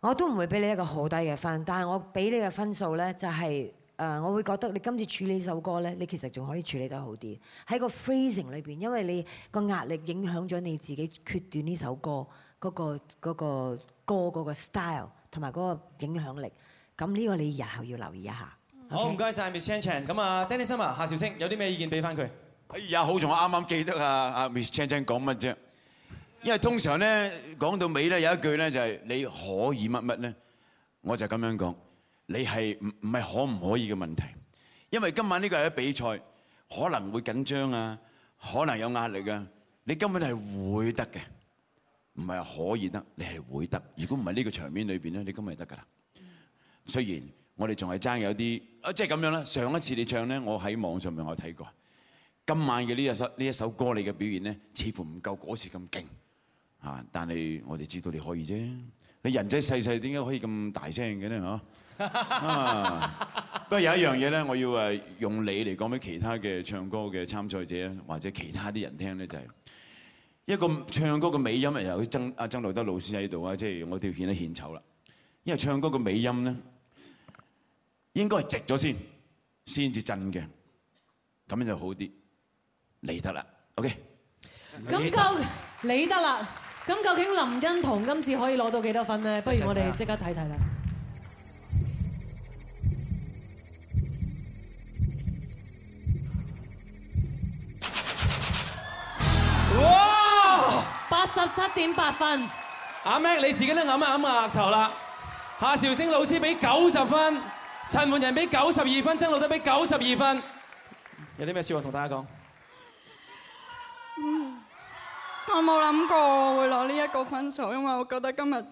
我都唔會俾你一個好低嘅分，但係我俾你嘅分數呢，就係、係。誒，我會覺得你今次處理呢首歌咧，你其實仲可以處理得好啲。喺個 phrasing 裏邊，因為你個壓力影響咗你自己決斷呢首歌嗰個嗰個歌嗰個 style 同埋嗰個影響力。咁呢個你日後要留意一下。好，唔該曬 Miss Chan Chan。咁啊，Danny Summer 啊，夏韶聲，有啲咩意見俾翻佢？哎呀，好重啊！啱啱記得啊啊，Miss Chan Chan 講乜啫？因為通常咧講到尾咧有一句咧就係你可以乜乜咧，我就咁樣講。你係唔唔係可唔可以嘅問題？因為今晚呢個係比賽，可能會緊張啊，可能有壓力啊。你根本係會得嘅，唔係可以得。你係會得。如果唔係呢個場面裏邊咧，你根本係得噶啦。雖然我哋仲係爭有啲，啊即係咁樣啦。上一次你唱咧，我喺網上面我睇過。今晚嘅呢一首呢一首歌你嘅表現咧，似乎唔夠嗰時咁勁啊！但係我哋知道你可以啫。你人仔細細點解可以咁大聲嘅咧？嚇！不過有一樣嘢咧，我要誒用你嚟講俾其他嘅唱歌嘅參賽者，或者其他啲人聽咧，就係一個唱歌嘅尾音誒，由曾阿曾路得老師喺度啊，即係我都要獻一獻醜啦。因為唱歌嘅尾音咧，應該係直咗先，先至震嘅，咁樣就好啲，你得啦，OK。咁就你得啦。咁究竟林欣彤今次可以攞到幾多分咧？不如我哋即刻睇睇啦。哇！八十七點八分，阿 Max 你自己都揞下揞下額頭啦。夏韶聲老師俾九十分，陳奐仁俾九十二分，曾路得俾九十二分。有啲咩說話同大家講？我冇諗過會攞呢一個分數，因為我覺得今日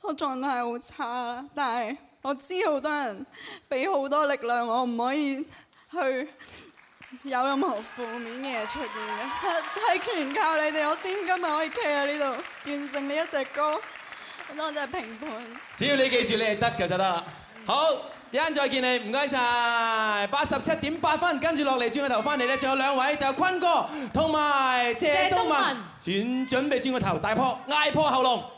個狀態好差啦。但係我知好多人俾好多力量，我唔可以去。有任何負面嘅嘢出現嘅，係全靠你哋，我先今日可以企喺呢度完成呢一隻歌。咁多謝評判。只要你記住你係得嘅就得啦。好，一陣再見你，唔該晒，八十七點八分，跟住落嚟轉個頭翻嚟咧，仲有兩位就係坤哥同埋謝東閔，轉準備轉個頭大破嗌破喉嚨。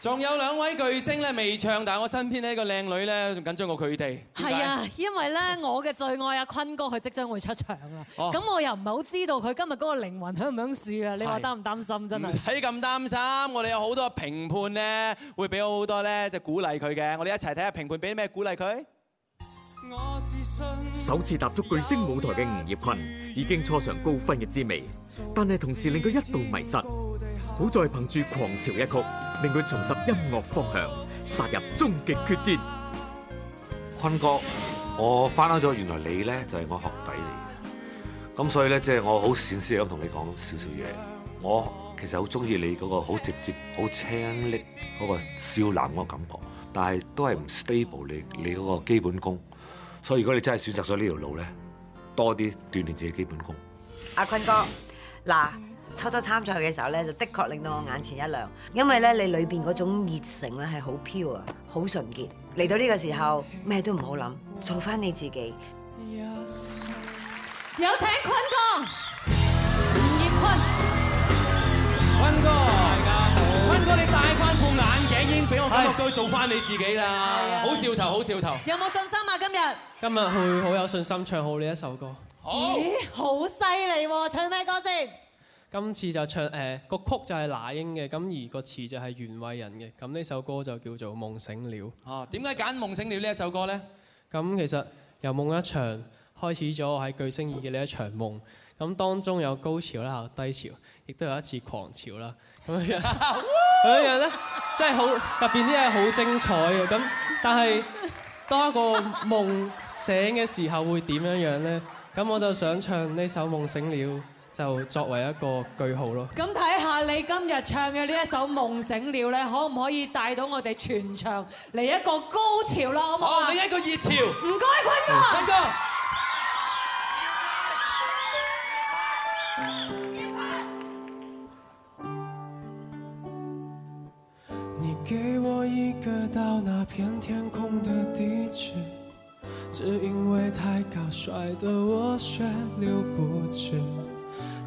仲有兩位巨聲咧未唱，但係我身邊呢個靚女咧仲緊張過佢哋。係啊，因為咧我嘅最愛阿坤哥佢即將會出場啊。咁、哦、我又唔係好知道佢今日嗰個靈魂響唔響度啊？的你話擔唔擔心真係？唔使咁擔心，我哋有好多評判咧，會俾好多咧就鼓勵佢嘅。我哋一齊睇下評判俾咩鼓勵佢。我自首次踏足巨聲舞台嘅吳業坤，已經初嘗高分嘅滋味，但係同時令佢一度迷失。好在憑住狂潮一曲。令佢重拾音樂方向，殺入終極決戰。坤哥，我翻開咗，原來你咧就係我學弟嚟嘅。咁所以咧，即係我好善心咁同你講少少嘢。我其實好中意你嗰個好直接、好青澀嗰個少男嗰個感覺，但是是，但係都係唔 stable 你你嗰個基本功。所以如果你真係選擇咗呢條路咧，多啲鍛鍊自己基本功。阿坤哥，嗱。初初參賽嘅時候咧，就的確令到我眼前一亮，因為咧你裏面嗰種熱誠咧係好 pure 啊，好純潔。嚟到呢個時候，咩都唔好諗，做翻你自己。Yes. 有請坤哥，吳業坤。坤哥，大家好。坤哥你戴翻副眼鏡已經俾我感覺到做翻你自己啦，是好笑頭，好笑頭。有冇信心啊？今日？今日會好有信心唱好呢一首歌。好。Oh. 咦，好犀利喎！唱咩歌先？今次就唱誒個、呃、曲就係那英嘅，咁而個詞就係袁惟仁嘅，咁呢首歌就叫做《夢醒了》。啊，點解揀《夢醒了》呢一首歌咧？咁其實由夢一場開始咗，我喺巨聲二嘅呢一場夢，咁當中有高潮啦、有低潮，亦都有一次狂潮啦，咁樣樣，咁 樣樣咧，真係好入邊啲係好精彩嘅。咁但係當一個夢醒嘅時候會點樣樣咧？咁我就想唱呢首《夢醒了》。就作為一個句號咯。咁睇下你今日唱嘅呢一首《夢醒了》咧，可唔可以帶到我哋全場嚟一個高潮啦？好唔好啊？嚟一個熱潮。唔該，坤哥。坤哥。你給我一個到那片天，天空的地址，只因為太高摔得我血流不止。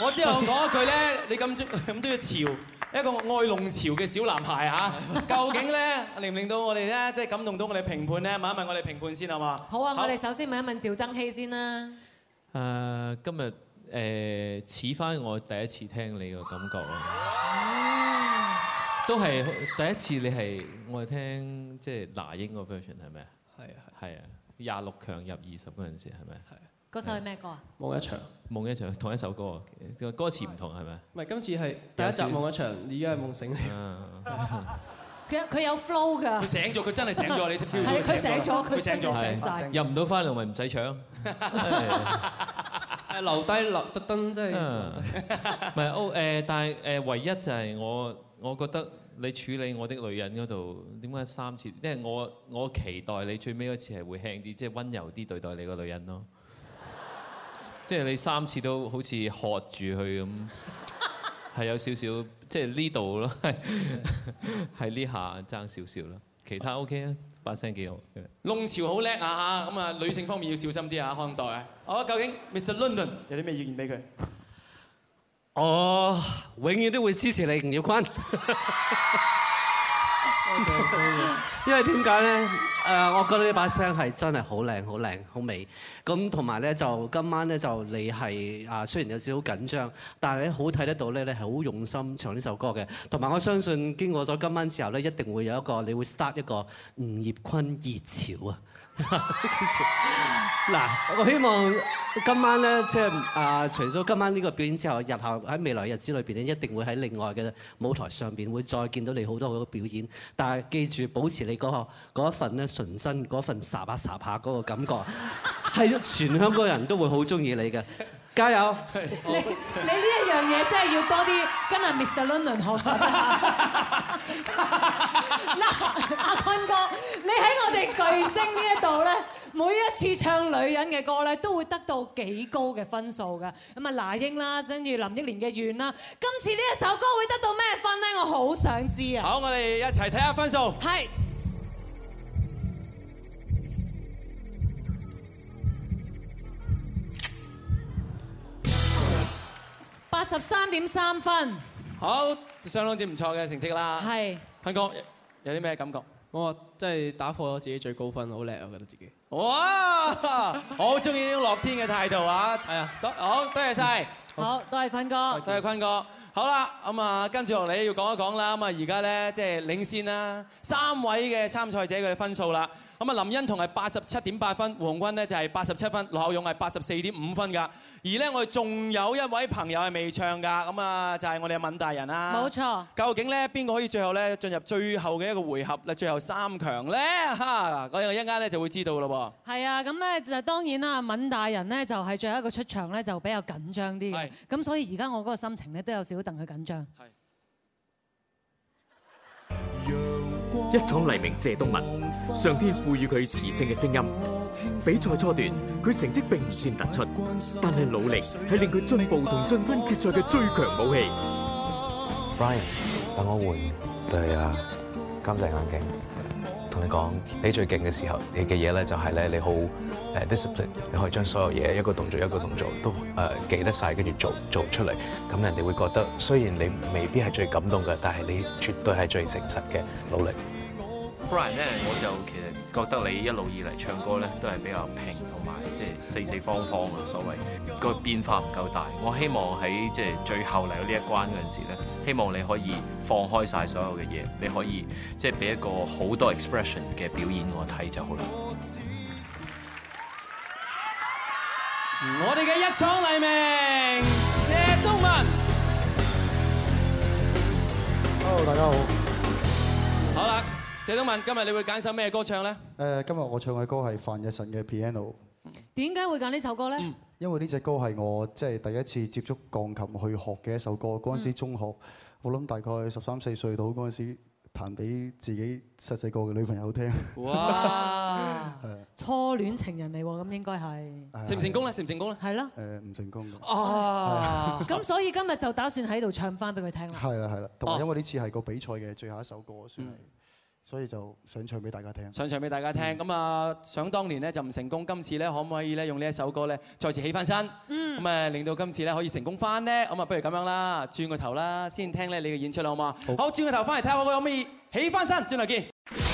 我之後講一句咧，你咁中咁多潮，一個愛弄潮嘅小男孩嚇，究竟咧令唔令到我哋咧，即係感動到我哋評判咧？問一問我哋評判先好嘛？好啊，我哋首先問一問趙增熹先啦。誒，今日誒似翻我第一次聽你個感覺啊，都係第一次你係我係聽即係那英個 version 係咩？啊？係啊的。係啊，廿六強入二十嗰陣時係咪？係。嗰首係咩歌啊？夢一場，夢一場，同一首歌啊！個歌詞唔同係咪？唔係今次係第一集夢一場，而家係夢醒嚟。佢、啊、佢、啊、有 flow 㗎。佢醒咗，佢真係醒咗。你飄咗醒咗，佢醒咗係入唔到翻嚟，咪唔使搶。係 留低留特登即係唔係？哦誒、啊，但係誒，唯一就係我我覺得你處理我的女人嗰度點解三次？即、就、係、是、我我期待你最尾嗰次係會輕啲，即係溫柔啲對待你個女人咯。即係你三次都好似喝住佢咁，係有少少，即係呢度咯，係呢下爭少少啦。是這其他 OK 啊，把聲幾好。弄潮好叻啊嚇，咁啊女性方面要小心啲啊，看待啊。好，究竟 Mr London 有啲咩意見俾佢？我永遠都會支持你吳業坤。 多謝。因為點解呢？誒，我覺得呢把聲係真係好靚、好靚、好美。咁同埋呢，就今晚呢，就你係啊，雖然有少少緊張，但係你好睇得到呢，你係好用心唱呢首歌嘅。同埋我相信，經過咗今晚之後呢，一定會有一個你會 start 一個吳業坤熱潮啊！嗱，我希望今晚咧，即係啊，除咗今晚呢個表演之後，日後喺未來日子裏邊咧，一定會喺另外嘅舞台上邊會再見到你好多好多表演。但係記住保持你嗰個一份咧純真，嗰份霎下霎下嗰個感覺，係全香港人都會好中意你嘅，加油你！你你呢？樣嘢真係要多啲跟阿 Mr. Lennon 學習嗱，阿坤哥，你喺我哋巨星呢一度咧，每一次唱女人嘅歌咧，都會得到幾高嘅分數噶。咁啊，那英啦，跟住林憶蓮嘅《怨》啦，今次呢一首歌會得到咩分咧？我好想知啊！好，我哋一齊睇下分數。係。十三點三分，好，相當之唔錯嘅成績啦。係，坤哥，有啲咩感覺？我真係打破咗自己最高分，好叻！我覺得自己。哇，我好中意呢種樂天嘅態度啊！係啊，好，多謝晒，好，多謝坤哥，多謝坤哥好。坤哥好啦，咁啊，跟住同你要講一講啦。咁啊，而家咧即係領先啦，三位嘅參賽者，佢嘅分數啦。咁啊，林欣彤係八十七點八分，胡鴻鈞就係八十七分，羅孝勇係八十四點五分噶。而呢，我哋仲有一位朋友係未唱噶，咁啊，就係、是、我哋阿敏大人啦。冇錯。究竟呢邊個可以最後咧進入最後嘅一個回合咧？最後三強咧？哈！我哋一間咧就會知道咯喎。係啊，咁咧就當然啦，敏大人呢就係最後一個出場咧，就比較緊張啲。咁是的 所以而家我個心情咧都有少少戥佢緊張。一廠黎明謝東閔，上天賦予佢磁性嘅聲音。比賽初段，佢成績並唔算突出，但係努力係令佢進步同晉身決賽嘅最強武器。Brian，等我換對啊，監製眼鏡。同你講，你最勁嘅時候，你嘅嘢咧就係、是、咧，你好誒 discipline，你可以將所有嘢一個動作一個動作都誒、呃、記得晒，跟住做做出嚟，咁人哋會覺得雖然你未必係最感動嘅，但係你絕對係最誠實嘅努力。Brian，我就其實覺得你一路以嚟唱歌都係比較平，同埋即係四四方方啊，所謂個變化唔夠大。我希望喺即係最後嚟到呢一關嗰陣時，希望你可以放開晒所有嘅嘢，你可以即係俾一個好多 expression 嘅表演我睇就好啦。我哋嘅一廠黎明，謝東閔，hello 大家好，好啦。謝東閔，今日你會揀首咩歌唱咧？誒，今日我唱嘅歌係范逸臣嘅《Piano》。點解會揀呢首歌咧？因為呢隻歌係我即係第一次接觸鋼琴去學嘅一首歌。嗰陣時中學，我諗大概十三四歲到嗰陣時，彈俾自己細細個嘅女朋友聽。哇！係初戀情人嚟，咁應該係成唔成功咧？成唔成功咧？係啦。誒，唔成功。啊！咁所以今日就打算喺度唱翻俾佢聽啦。係啦係啦，同埋因為呢次係個比賽嘅最後一首歌，算係。所以就想唱俾大，大家聽。想唱俾大家聽，咁啊想當年咧就唔成功，今次咧可唔可以咧用呢一首歌咧再次起翻身？嗯。咁啊，令到今次咧可以成功翻咧，咁啊不如咁樣啦，轉個頭啦，先聽咧你嘅演出啦，好嗎？好。好，轉個頭翻嚟睇下我有冇起翻身，轉頭見。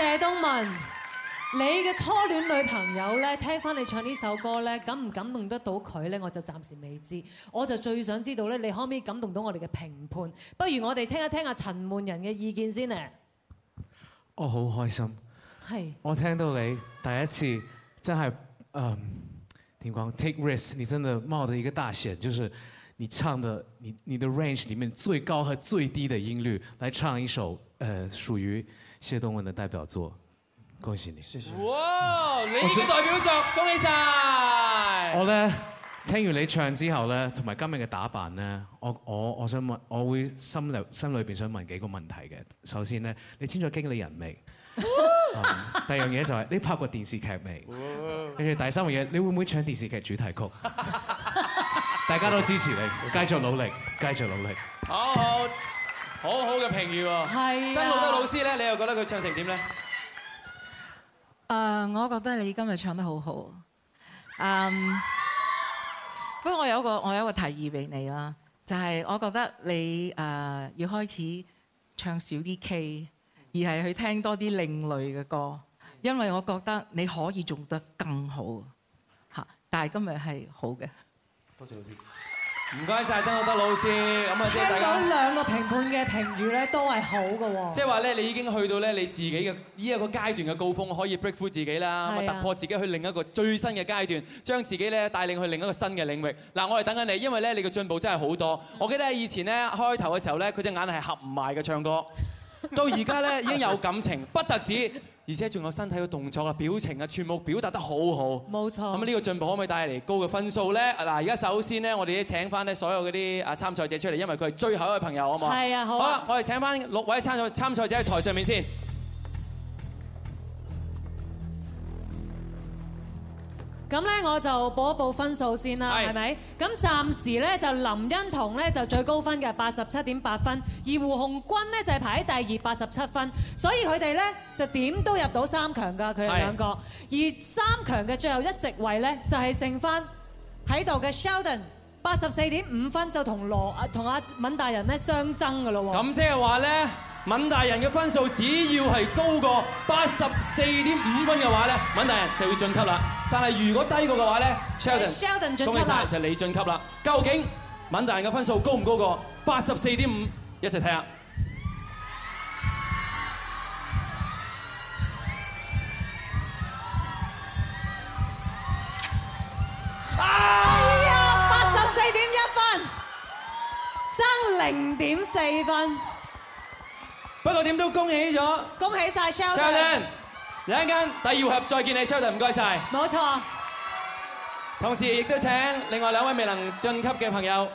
謝東閔，你嘅初戀女朋友咧，聽翻你唱呢首歌咧，感唔感動得到佢咧？我就暫時未知，我就最想知道咧，你可唔可以感動到我哋嘅評判？不如我哋聽一聽阿陳奐仁嘅意見先咧。我好、哦、開心，係是。我聽到你第一次真係，嗯、呃，點講 take risk，你真的冒着一個大險，就是你唱的，你你的 range 裏面最高和最低的音律，來唱一首，呃，屬於。謝東閔的代表作，恭喜你！謝謝！哇，你呢個代表作，恭喜晒！我咧聽完你唱之後咧，同埋今日嘅打扮咧，我我我想問，我會心裏心裏邊想問幾個問題嘅。首先咧，你簽咗經理人未？第二樣嘢就係你拍過電視劇未？跟住第三樣嘢，你會唔會唱電視劇主題曲？大家都支持你，繼續努力，繼續努力好。好。好好嘅評語喎，曾路得老師咧，你又覺得佢唱成點咧？誒，我覺得你今日唱得好好。嗯，不過我有一個我有一個提議俾你啦，就係我覺得你誒要開始唱少啲 K，而係去聽多啲另類嘅歌，因為我覺得你可以做得更好嚇。但係今日係好嘅。多謝老師。唔該晒，曾路得老師，咁啊即係聽到兩個評判嘅評語咧，都係好㗎喎。即係話咧，你已經去到咧你自己嘅呢一個階段嘅高峰，可以 break through 自己啦，是的 突破自己去另一個最新嘅階段，將自己咧帶領去另一個新嘅領域。嗱，我哋等緊你，因為咧你嘅進步真係好多。我記得以前咧開頭嘅時候咧，佢隻眼係合唔埋嘅唱歌，到而家咧已經有感情，不特止。而且仲有身體嘅動作啊、表情啊，全部表達得好好。冇錯。咁呢個進步可唔可以帶嚟高嘅分數咧？嗱，而家首先咧，我哋咧請翻咧所有嗰啲啊參賽者出嚟，因為佢係最後一位朋友，好嘛？係啊，好啊。好啦，我哋請翻六位參賽參賽者喺台上面先。咁咧我就報一報分數先啦，係咪是？咁暫時咧就林欣彤咧就最高分嘅八十七點八分，而胡鴻鈞咧就是，排喺第二八十七分，所以佢哋咧就點都入到三強㗎，佢哋兩個。是而三強嘅最後一席位咧就係，是，剩翻喺度嘅 Sheldon，八十四點五分就同羅同阿敏大人咧相爭㗎咯喎。咁即係話咧，敏大人嘅分數只要係高過八十四點五分嘅話咧，敏大人就要晉級啦。但係如果低過嘅話咧，Sheldon，恭喜曬就係你進級啦！究竟敏達人嘅分數高唔高過八十四點五？一齊睇下。啊！八十四點一分，爭零點四分。不過點都恭喜咗。恭喜曬 Sheldon。兩間第二回合再見你，Sheldon，唔該晒，冇沒錯。同時亦都請另外兩位未能晉級嘅朋友。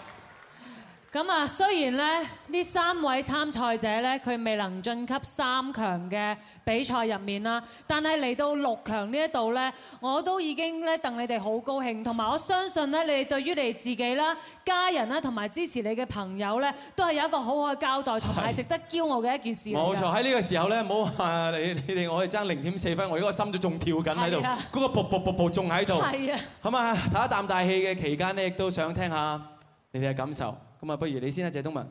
咁啊，雖然咧呢三位參賽者咧佢未能晉級三強嘅比賽入面啦，但係嚟到六強呢一度咧，我都已經咧戥你哋好高興，同埋我相信咧你哋對於你自己啦、家人啦同埋支持你嘅朋友咧，都係有一個好好嘅交代同埋值得驕傲嘅一件事。冇錯，喺呢個時候咧，唔好話你你哋，我哋爭零點四分，我而家個心都仲跳緊喺度，嗰是的、嗰個步步步步仲喺度。係啊，是的 好啊，唞一啖大氣嘅期間咧，亦都想聽下你哋嘅感受。咁啊，不如你先啦，謝東閔。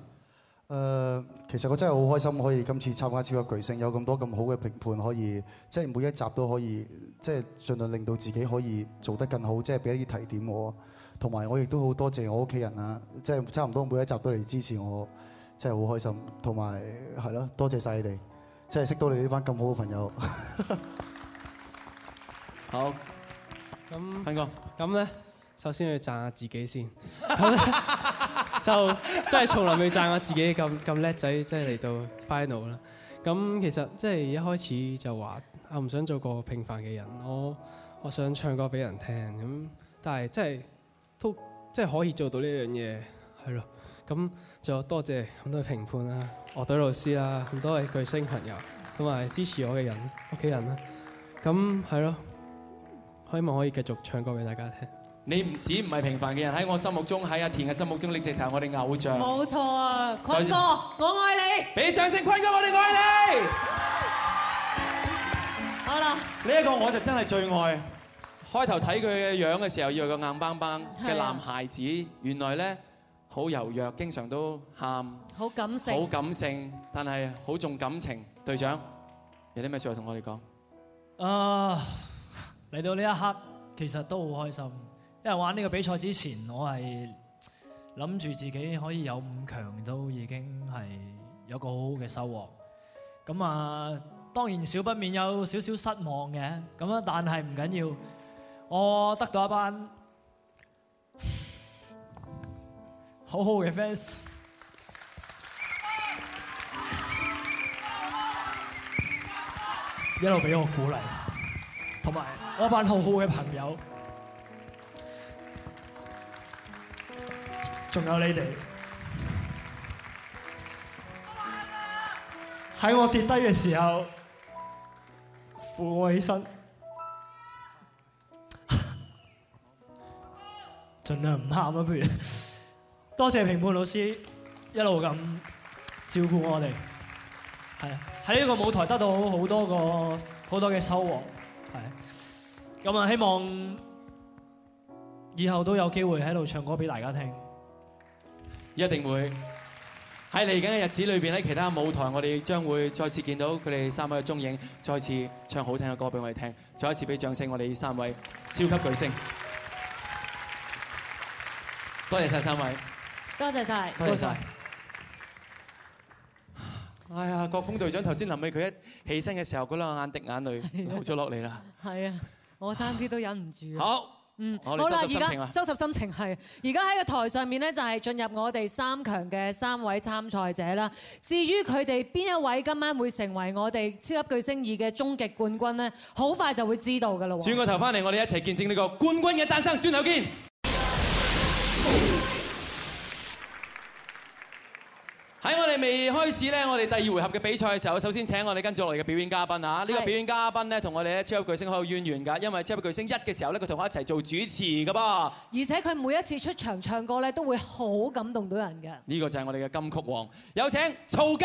誒，其實我真係好開心可以今次參加超級巨聲，有咁多咁好嘅評判，可以即係每一集都可以，即係盡量令到自己可以做得更好，即係俾一啲提點我。同埋我亦都好多謝我屋企人啊，即係差唔多每一集都嚟支持我，真係好開心。同埋係咯，多謝晒你哋，即係識到你哋呢班咁好嘅朋友。好，咁，坤哥，咁咧上課，首先去讚下自己先。就真係從來未讚我自己咁咁叻仔，即係嚟到 final 啦。咁其實即係一開始就話，我唔想做個平凡嘅人我，我我想唱歌俾人聽。咁但係即係都即係可以做到呢樣嘢，係咯。咁就多謝咁多嘅評判啦、樂隊老師啦、咁多位巨星朋友同埋支持我嘅人、屋企人啦。咁係咯，希望可以繼續唱歌俾大家聽。你唔止唔係平凡嘅人，喺我心目中，喺阿田嘅心目中，你直頭係我哋偶像。冇錯啊，坤哥，我愛你。俾掌聲，坤哥，我哋愛你。好啦，呢一個我就真係最愛。開頭睇佢嘅樣嘅時候，以為個硬邦邦嘅男孩子，原來咧好柔弱，經常都喊，好感性，好感性，但係好重感情。隊長，有啲咩説話同我哋講？啊，嚟到呢一刻，其實都好開心。因為玩呢個比賽之前，我係諗住自己可以有五強都已經係有個好好嘅收穫。咁啊，當然少不免有少少失望嘅。咁啊，但係唔緊要，我得到一班好好嘅 fans，一路俾我鼓勵，同埋我一班好好嘅朋友。仲有你哋喺我跌低嘅時候扶我起身，盡量唔喊啦，不如多謝評判老師一路咁照顧我哋，係喺呢個舞台得到好多個好多嘅收穫，係咁啊！希望以後都有機會喺度唱歌俾大家聽。一定會喺嚟緊嘅日子裏邊，喺其他舞台，我哋將會再次見到佢哋三位嘅蹤影，再次唱好聽嘅歌俾我哋聽，再一次俾掌聲，我哋三位超級巨聲，多謝晒三位，多謝晒，多謝。哎呀，國峰隊長頭先臨尾佢一起身嘅時候，嗰兩眼滴眼淚流咗落嚟啦。係啊，我差啲都忍唔住。好。嗯，好啦，而家收拾心情係，而家喺個台上面咧就係進入我哋三強嘅三位參賽者啦。至於佢哋邊一位今晚會成為我哋超級巨聲二嘅終極冠軍咧，好快就會知道㗎喇。轉個頭翻嚟，我哋一齊見證呢個冠軍嘅誕生。轉頭見。喺我哋未開始咧，我哋第二回合嘅比賽嘅時候，首先請我哋跟住落嚟嘅表演嘉賓啊！呢個表演嘉賓咧，同我哋咧超級巨聲好有淵源㗎，因為超級巨聲一嘅時候咧，佢同我一齊做主持噶噃，而且佢每一次出場唱歌咧，都會好感動到人㗎。呢個就係我哋嘅金曲王，有請曹格。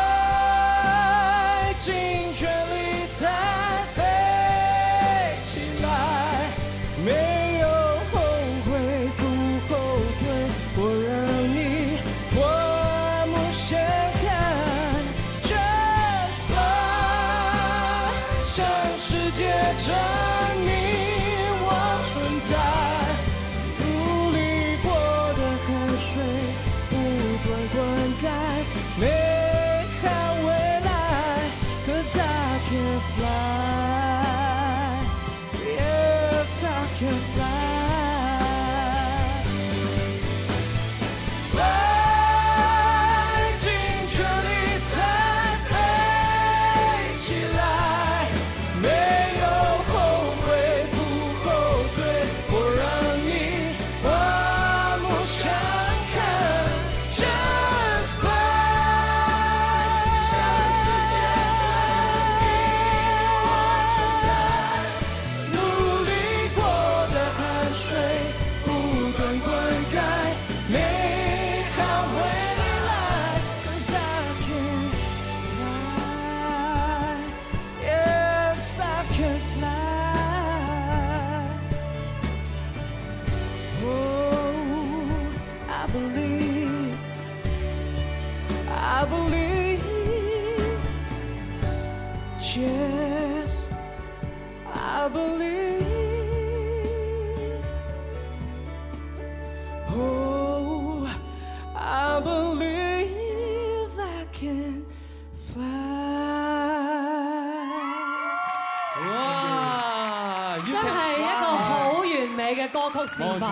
咁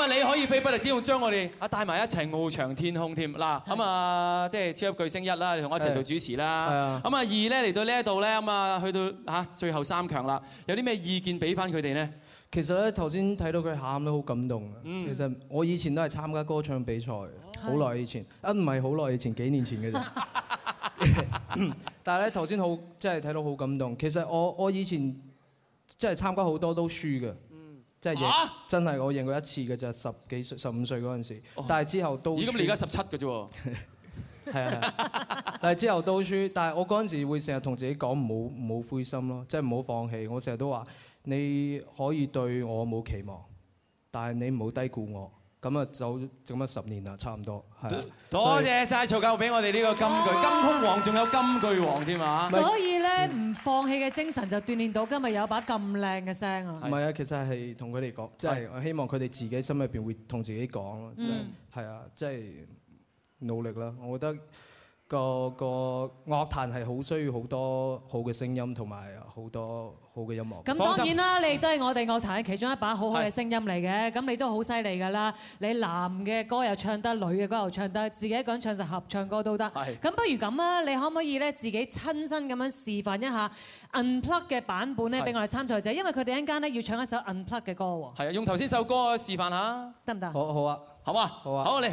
啊，你可以飛不嚟，只要將我哋啊帶埋一齊翱翔天空添。嗱，咁啊，即係超級巨聲一啦，你同我一齊做主持啦係啊。咁啊，二咧嚟到呢一度咧，咁啊，去到嚇最後三強啦，有啲咩意見俾翻佢哋咧？其實咧，頭先睇到佢喊都好感動。嗯，其實我以前都係參加歌唱比賽，好耐以前，啊唔係好耐以前，幾年前嘅啫。但係咧，頭先好即係睇到好感動。其實我我以前即係參加好多都輸嘅。嚇！啊、真係我贏過一次嘅就係十幾歲，十五歲嗰陣時，但係之後都。咦？咁你而家十七嘅啫喎。係啊！但係之後都輸，但係我嗰陣時會成日同自己講唔好唔好灰心咯，即係唔好放棄，我成日都話你可以對我冇期望，但係你唔好低估我。咁啊，走整咗十年啦，差唔多。多謝晒曹教授俾我哋呢個金句，金曲王仲有金句王添啊是。所以咧，唔放棄嘅精神就鍛鍊到今日有一把咁靚嘅聲啊。唔係啊，其實係同佢哋講，即係我希望佢哋自己心入邊會同自己講咯，即係係啊，即係努力啦。我覺得。個個樂壇係好需要好多好嘅聲音同埋好多好嘅音樂。咁放心 當然啦，你都係我哋樂壇其中一把好好嘅聲音嚟嘅。咁是的 你都好犀利㗎啦！你男嘅歌又唱得，女嘅歌又唱得，自己一個人唱晒合唱歌都得。咁是的 不如咁啊，你可唔可以咧自己親身咁樣示範一下《Unplug》嘅版本咧，俾我哋參賽者，是的 因為佢哋一陣間咧要唱一首《Unplug》嘅歌喎。係啊，用頭先首歌示範下得唔得？好好啊，好啊，好啊，好啊，嚟！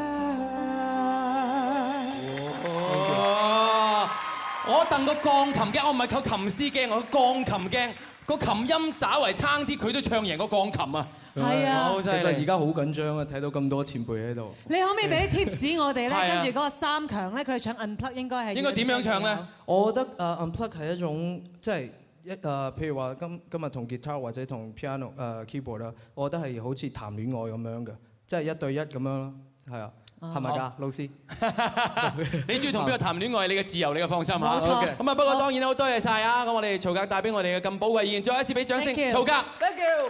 凳、個鋼琴鏡，我唔係靠琴師鏡，我鋼琴鏡、個琴音稍微差啲，佢都唱贏個鋼琴啊！係啊，好犀利，其實而家好緊張啊，睇到咁多前輩喺度。你可唔可以俾啲貼士我哋咧？跟住嗰個三強咧，佢哋唱 unplug 應該係應該點樣唱咧？我覺得誒 unplug 係一種即係一誒，譬如話今今日同吉他或者同 piano 誒 keyboard 啦，我覺得係好似談戀愛咁樣嘅，即係一對一咁樣咯，係啊。係咪㗎，老師？你中意同邊個談戀愛？對吧 你嘅自由，你嘅放心嚇。冇錯嘅。咁啊，不過當然啦，好多謝晒啊！咁我哋曹格帶俾我哋嘅咁寶貴意見，再一次俾掌聲，曹格。Thank you.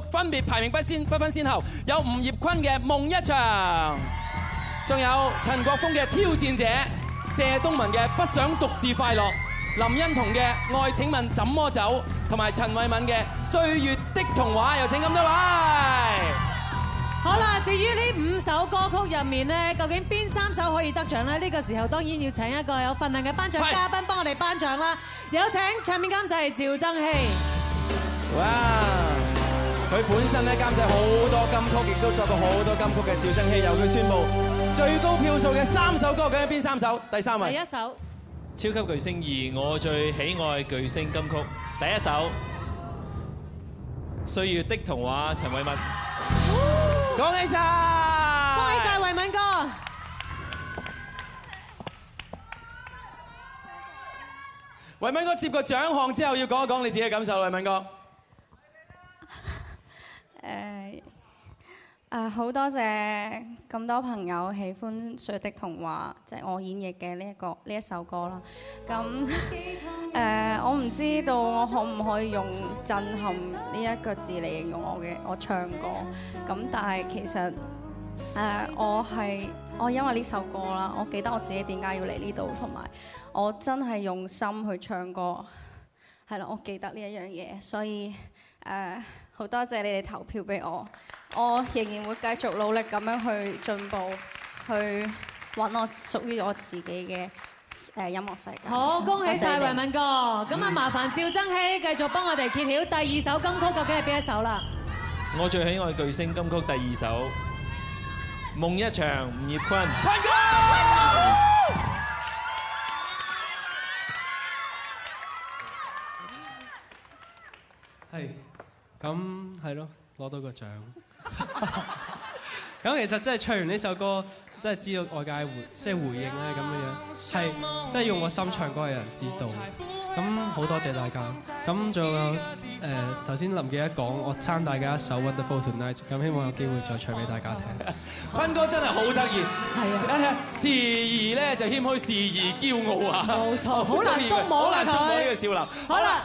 分別排名不先，不分先後，有吳業坤嘅《夢一場》，仲有陳國峰嘅《挑戰者》，謝東閔嘅《不想獨自快樂》，林欣彤嘅《愛請問怎麼走》，同埋陳慧敏嘅《歲月的童話》，有請咁多位。好啦，至於呢五首歌曲入面呢，究竟邊三首可以得獎呢？呢、呢個時候當然要請一個有份量嘅頒獎嘉賓幫我哋頒獎啦。有請唱片監製趙增熹。哇！佢本身咧監製好多金曲，亦都作過好多金曲嘅趙增熹，由佢宣布最高票數嘅三首歌，究竟邊三首？第三位，第一首《超級巨聲2》，我最喜愛巨聲金曲第一首《歲月的童話》，陳慧敏。恭喜晒，恭喜晒，慧敏哥，慧敏哥接過獎項之後要講一講你自己嘅感受，慧敏哥。誒，好多謝咁多朋友喜歡《水的童話》，即係我演繹嘅呢一個呢一首歌啦。咁誒，uh, 我唔知道我可唔可以用震撼呢一個字嚟形容我嘅我唱歌。咁但係其實誒，uh, 我係我因為呢首歌啦，我記得我自己點解要嚟呢度，同埋我真係用心去唱歌。係啦，我記得呢一樣嘢，所以誒。Uh, 好多謝你哋投票俾我，我仍然會繼續努力咁樣去進步，去搵我屬於我自己嘅誒音樂世界。好，恭喜晒慧敏哥，咁啊，麻煩趙增熹繼續幫我哋揭曉第二首金曲究竟係邊一首啦。我最喜愛巨聲金曲第二首《夢一場》，吳業坤。咁係咯，攞到個獎。咁其實真係唱完呢首歌，真係知道外界回即係回應咧咁樣樣，係真係用我心唱歌嘅人知道。咁好多謝大家。咁仲有誒頭先林記一講，我撐大家一首《Wonderful Tonight》。咁希望有機會再唱俾大家聽。坤哥真係好得意。係啊。時而咧就謙虛，時而驕傲啊。冇錯。好難捉摸佢。好難捉摸呢個少林。好啦。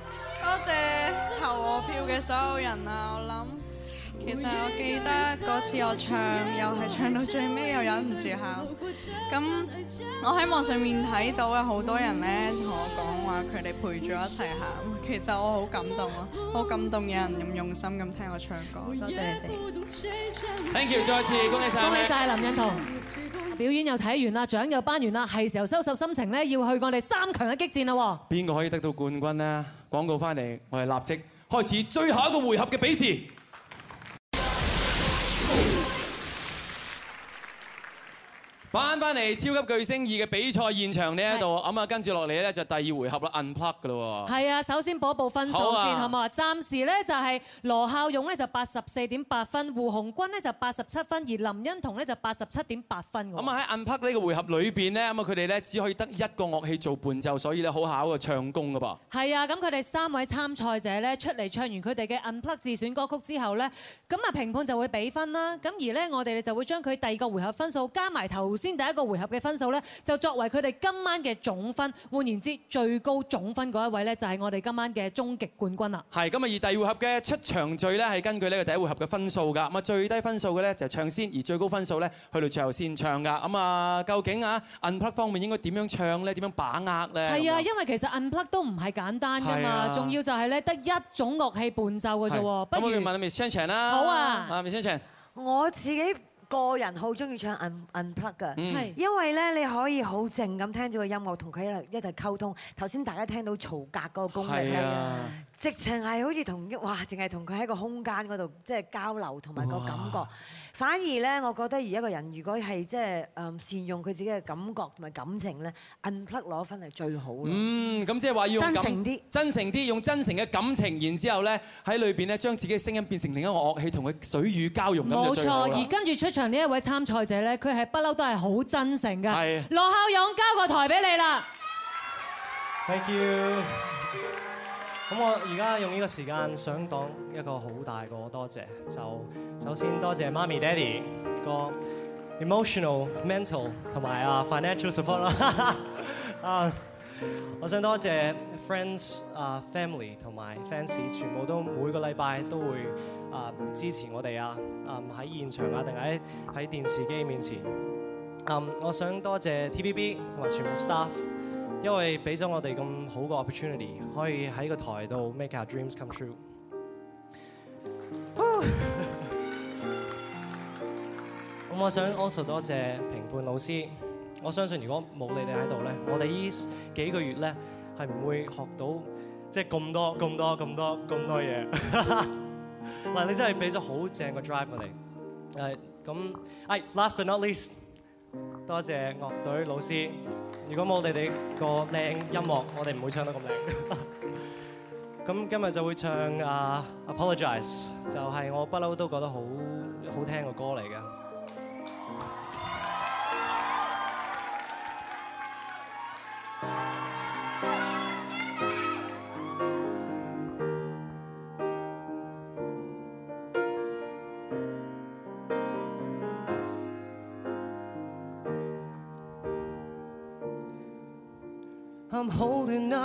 多謝投我票嘅所有人啊！我諗其實我記得嗰次我唱又係唱到最尾又忍唔住喊咁，我喺網上面睇到有好多人咧同我講話，佢哋陪住我一齊喊。其實我好感動啊，好感動有人咁用心咁聽我唱歌。多謝你哋，Thank you，再次恭喜晒，恭喜晒林欣彤。表演又睇完啦，獎又頒完啦，係時候收拾心情咧，要去我哋三強嘅激戰啦。邊個可以得到冠軍呢？廣告返嚟，我哋立即開始最後一個回合嘅比試。翻翻嚟《超級巨聲二》嘅比賽現場呢一度，咁啊跟住落嚟咧就第二回合啦 unplug 嘅咯喎。係啊，首先補一補分數先，係嘛的？暫時咧就係羅孝勇咧就八十四點八分，胡鴻鈞呢就八十七分，而林欣彤咧就八十七點八分。咁啊喺 unplug 呢個回合裏面呢，咁啊佢哋咧只可以得一個樂器做伴奏，所以咧好考個唱功噶噃。係啊，咁佢哋三位參賽者咧出嚟唱完佢哋嘅 unplug 自選歌曲之後咧，咁啊評判就會俾分啦。咁而咧我哋呢就會將佢第二個回合分數加埋頭，先第一個回合嘅分數咧，就作為佢哋今晚嘅總分。換言之，最高總分嗰一位咧，就係我哋今晚嘅終極冠軍啦。係。而第二回合嘅出場序咧，係根據呢個第一回合嘅分數㗎。咁啊，最低分數嘅咧就唱先，而最高分數咧去到最後先唱㗎。咁啊，究竟啊，Unplugged 方面應該點樣唱咧？點樣把握咧？係啊，因為其實 Unplugged 都唔係簡單㗎嘛。係啊。仲要就係咧，得一種樂器伴奏㗎啫。係啊。不如問下 Miss Chan 啦。好啊。Miss Chan，我自己個人好中意唱 unplugged 㗎，是的 因為咧，你可以好靜咁聽住個音樂，同佢一一齊溝通。頭先大家聽到曹格嗰個公係直情係好似同哇，淨係同佢喺個空間嗰度即係交流同埋個感覺。反而咧，我覺得而一個人如果係即係嗯善用佢自己嘅感覺同埋感情咧 unlock 攞分係最好啦。嗯，咁即係話要真誠啲，真誠啲，用真誠嘅感情，然之後咧喺裏邊咧將自己嘅聲音變成另一個樂器同佢水乳交融咁嘅最好啦。冇錯，而跟住出場呢一位參賽者咧，佢係不嬲都係好真誠嘅。係。羅孝勇交個台俾你啦。Thank you. 咁我而家用呢個時間想講一個好大個多謝，就首先多謝媽咪、daddy 個 emotional、mental 同埋啊 financial support 啦。啊，我想多謝 friends、啊 family 同埋 fans，全部都每個禮拜都會啊支持我哋啊，啊喺現場啊定係喺電視機面前。啊，我想多謝 TVB 同埋全部 staff。因為俾咗我哋咁好個 opportunity，可以喺個台度 make 下 dreams come true。咁我想 also 多謝評判老師，我相信如果冇你哋喺度咧，我哋呢幾個月咧係唔會學到即係咁多咁多咁多咁多嘢。嗱， 你真係俾咗好正個 drive 我哋。誒、啊、咁，係、哎、last but not least。多謝樂隊老師，如果冇你哋哋個靚音樂，我哋唔會唱得咁靚。咁 今日就會唱《啊、uh, Apologize》，就係、是、我不嬲都覺得好好聽嘅歌嚟嘅。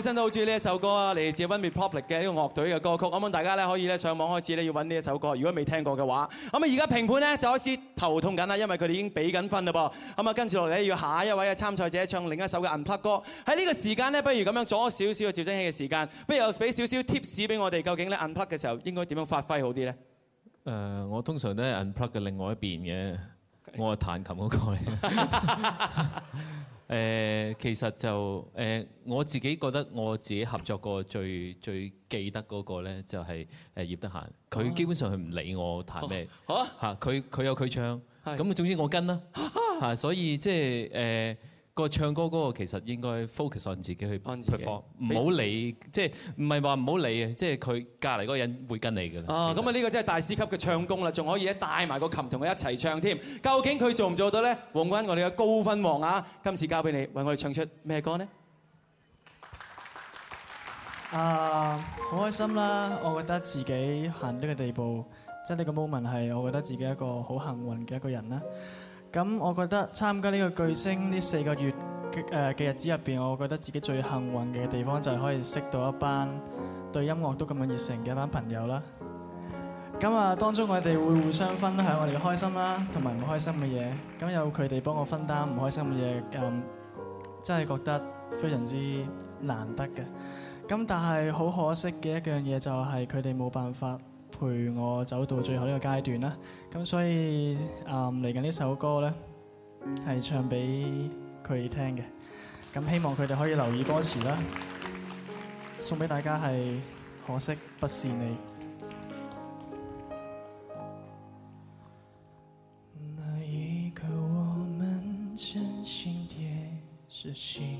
本身都好中意呢一首歌啊，嚟自《OneRepublic》嘅呢個樂隊嘅歌曲，咁啊，大家咧可以咧上網開始咧要揾呢一首歌，如果未聽過嘅話，咁啊，而家評判咧就開始頭痛緊啦，因為佢哋已經俾緊分啦噃。咁啊，跟住落嚟要下一位嘅參賽者唱另一首嘅 Unplugged 歌。喺呢個時間咧，不如咁樣阻少少趙增熹嘅時間，不如俾少少 tips 俾我哋，究竟咧 Unplugged 嘅時候應該點樣發揮好啲咧？誒、呃，我通常都係 Unplugged 嘅另外一邊嘅，我係彈琴嗰，那個嚟。 誒其實就誒我自己覺得我自己合作過最最記得嗰個咧，就係誒葉德嫻。佢基本上佢唔理我彈咩嚇，佢佢有佢唱，咁是 總之我跟啦嚇，所以即係誒。呃唱歌嗰個其實應該 focus on 自己去發，唔好理，即係唔係話唔好理啊！即係佢隔離嗰個人會跟你嘅。啊，咁啊呢個真係大師級嘅唱功啦，仲可以咧帶埋個琴同佢一齊唱添。究竟佢做唔做到咧？鴻鈞，我哋嘅高分王啊，今次交俾你，為我哋唱出咩歌呢？啊，好開心啦！我覺得自己行呢個地步，即係呢個 moment 係，我覺得自己一個好幸運嘅一個人啦。咁我覺得參加呢個巨聲呢四個月嘅誒嘅日子入邊，我覺得自己最幸運嘅地方就係可以識到一班對音樂都咁熱誠嘅一班朋友啦。咁啊，當中我哋會互相分享我哋嘅開心啦，同埋唔開心嘅嘢。咁有佢哋幫我分擔唔開心嘅嘢，咁真係覺得非常之難得嘅。咁但係好可惜嘅一樣嘢就係佢哋冇辦法陪我走到最後呢個階段啦，咁所以啊嚟緊呢首歌咧係唱俾佢哋聽嘅，咁希望佢哋可以留意歌詞啦。送俾大家係可惜不是你。那一刻我們真心貼着心。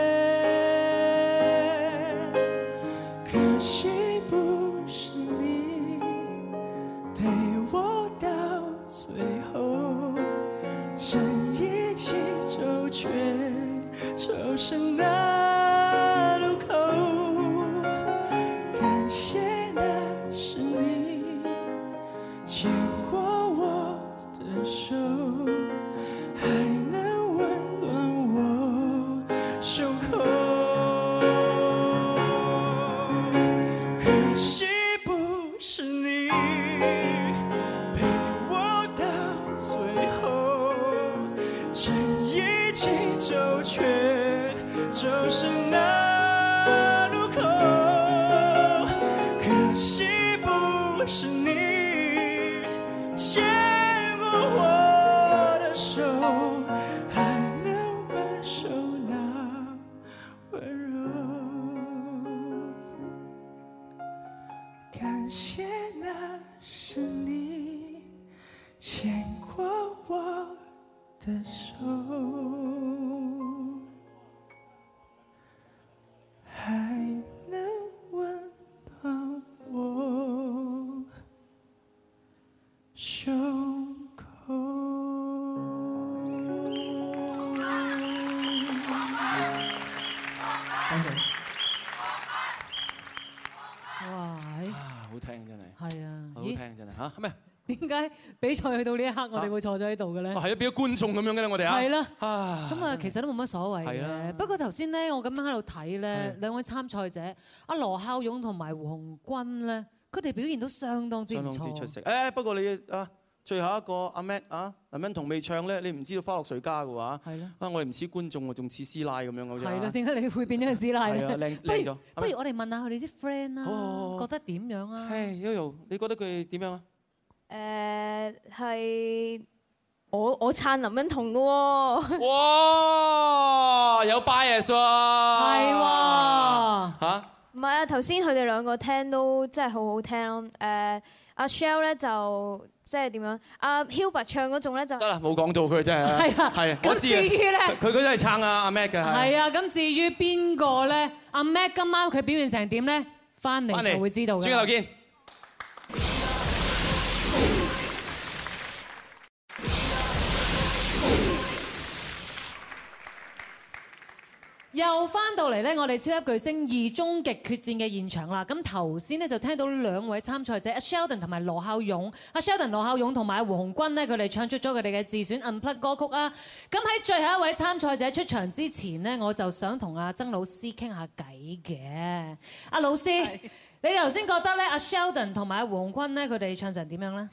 比賽去到呢一刻，我哋會坐咗喺度嘅咧。係啊，變咗觀眾咁樣嘅，我哋啊，係啦。咁啊，其實都冇乜所謂嘅。不過頭先咧，我咁樣喺度睇咧，兩位參賽者阿羅孝勇同埋胡鴻鈞咧，佢哋表現都相當之之出色。誒，不過你啊，最後一個阿 Mag 啊，林欣彤未唱咧，你唔知道花落誰家嘅話，係咯。我哋唔似觀眾喎，仲似師奶咁樣嘅。係啦，點解你會變咗師奶咧？不如，不如我哋問下佢哋啲 friend 啦，覺得點樣啊？係，Yoyo，你覺得佢哋點樣啊？誒、呃、係我我撐林欣彤嘅喎。哇！有 Bias 嘅喎。係喎。嚇？唔係啊，頭先佢哋兩個聽都真係好好聽咯。誒，阿 Shel 咧就即係點樣？阿 Hubert 唱嗰種咧就得啦，冇講到佢真係嗎。係啦。係。咁至於咧，佢佢都係撐啊，阿 Mag 嘅。係啊，咁至於邊個咧？阿 Mag 今晚佢表現成點咧？翻嚟就會知道嘅。轉頭見。又翻到嚟咧，我哋超級巨聲二終極決戰嘅現場啦。咁頭先咧就聽到兩位參賽者阿 Sheldon 同埋羅孝勇，阿 Sheldon 羅孝勇同埋胡鴻鈞咧，佢哋唱出咗佢哋嘅自選 Unplugged 歌曲啊。咁喺最後一位參賽者出場之前呢，我就想同阿曾老師傾下偈嘅。阿老師，你頭先覺得咧阿 Sheldon 同埋胡鴻鈞咧，佢哋唱成點樣咧？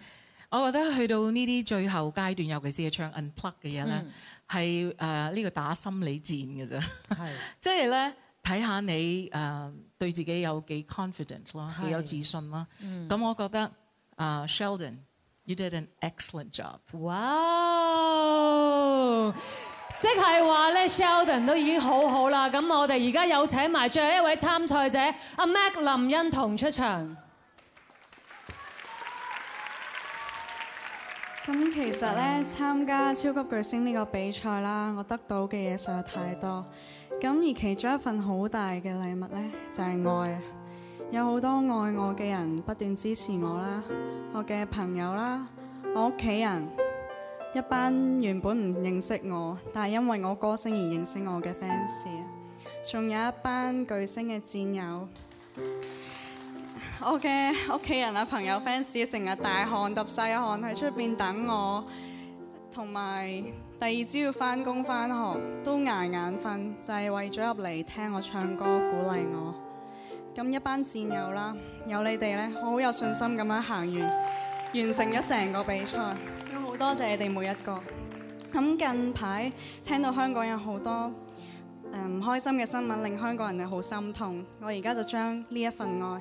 我覺得去到呢啲最後階段，尤其是係唱 unplug 嘅人咧，係誒呢個打心理戰嘅啫是的。係即係咧，睇下你誒對自己有幾 confident 咯，幾有自信咯。咁是的 我覺得誒 Sheldon，You did an excellent job。嗯、on，哇！即係話咧，Sheldon 都已經好好啦。咁我哋而家有請埋最後一位參賽者阿 Mag 林欣彤出場。咁其實咧，參加超級巨聲呢個比賽啦，我得到嘅嘢實在太多。咁而其中一份好大嘅禮物呢，就係愛。有好多愛我嘅人不斷支持我啦，我嘅朋友啦，我屋企人，一班原本唔認識我，但係因為我歌聲而認識我嘅 fans，仲有一班巨聲嘅戰友。Ok，屋企人啊，朋友 fans 成日大汗揼細汗喺出面等我，同埋第二朝要翻工翻學都捱眼瞓，就係為咗入嚟聽我唱歌，鼓勵我。咁一班戰友啦，有你哋咧，我好有信心咁樣行完，完成咗成個比賽。要好多謝你哋每一個。咁近排聽到香港有好多誒唔開心嘅新聞，令香港人係好心痛。我而家就將呢一份愛。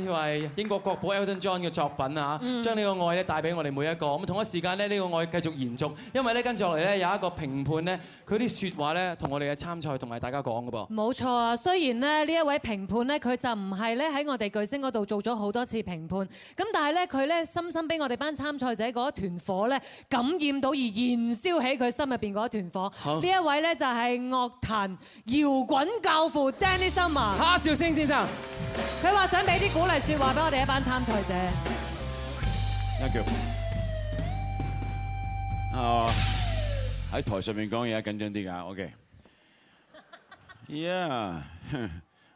呢位英國國寶 Elton John 嘅作品啊，將呢個愛咧帶俾我哋每一個。咁同一時間呢，呢個愛繼續延續，因為咧跟住落嚟咧有一個評判咧，佢啲説話咧同我哋嘅參賽同埋大家講嘅噃。冇錯啊，雖然咧呢一位評判咧佢就唔係咧喺我哋巨星嗰度做咗好多次評判，咁但係咧佢咧深深俾我哋班參賽者嗰一團火咧感染到而燃燒起佢心入邊嗰一團火。呢好 一位咧就係樂壇搖滾教父 Danny Summer。夏韶聲先生。佢話想俾啲鼓勵說話俾我哋一班參賽者。Thank you。喺台上面講嘢緊張啲噶，OK。Yeah，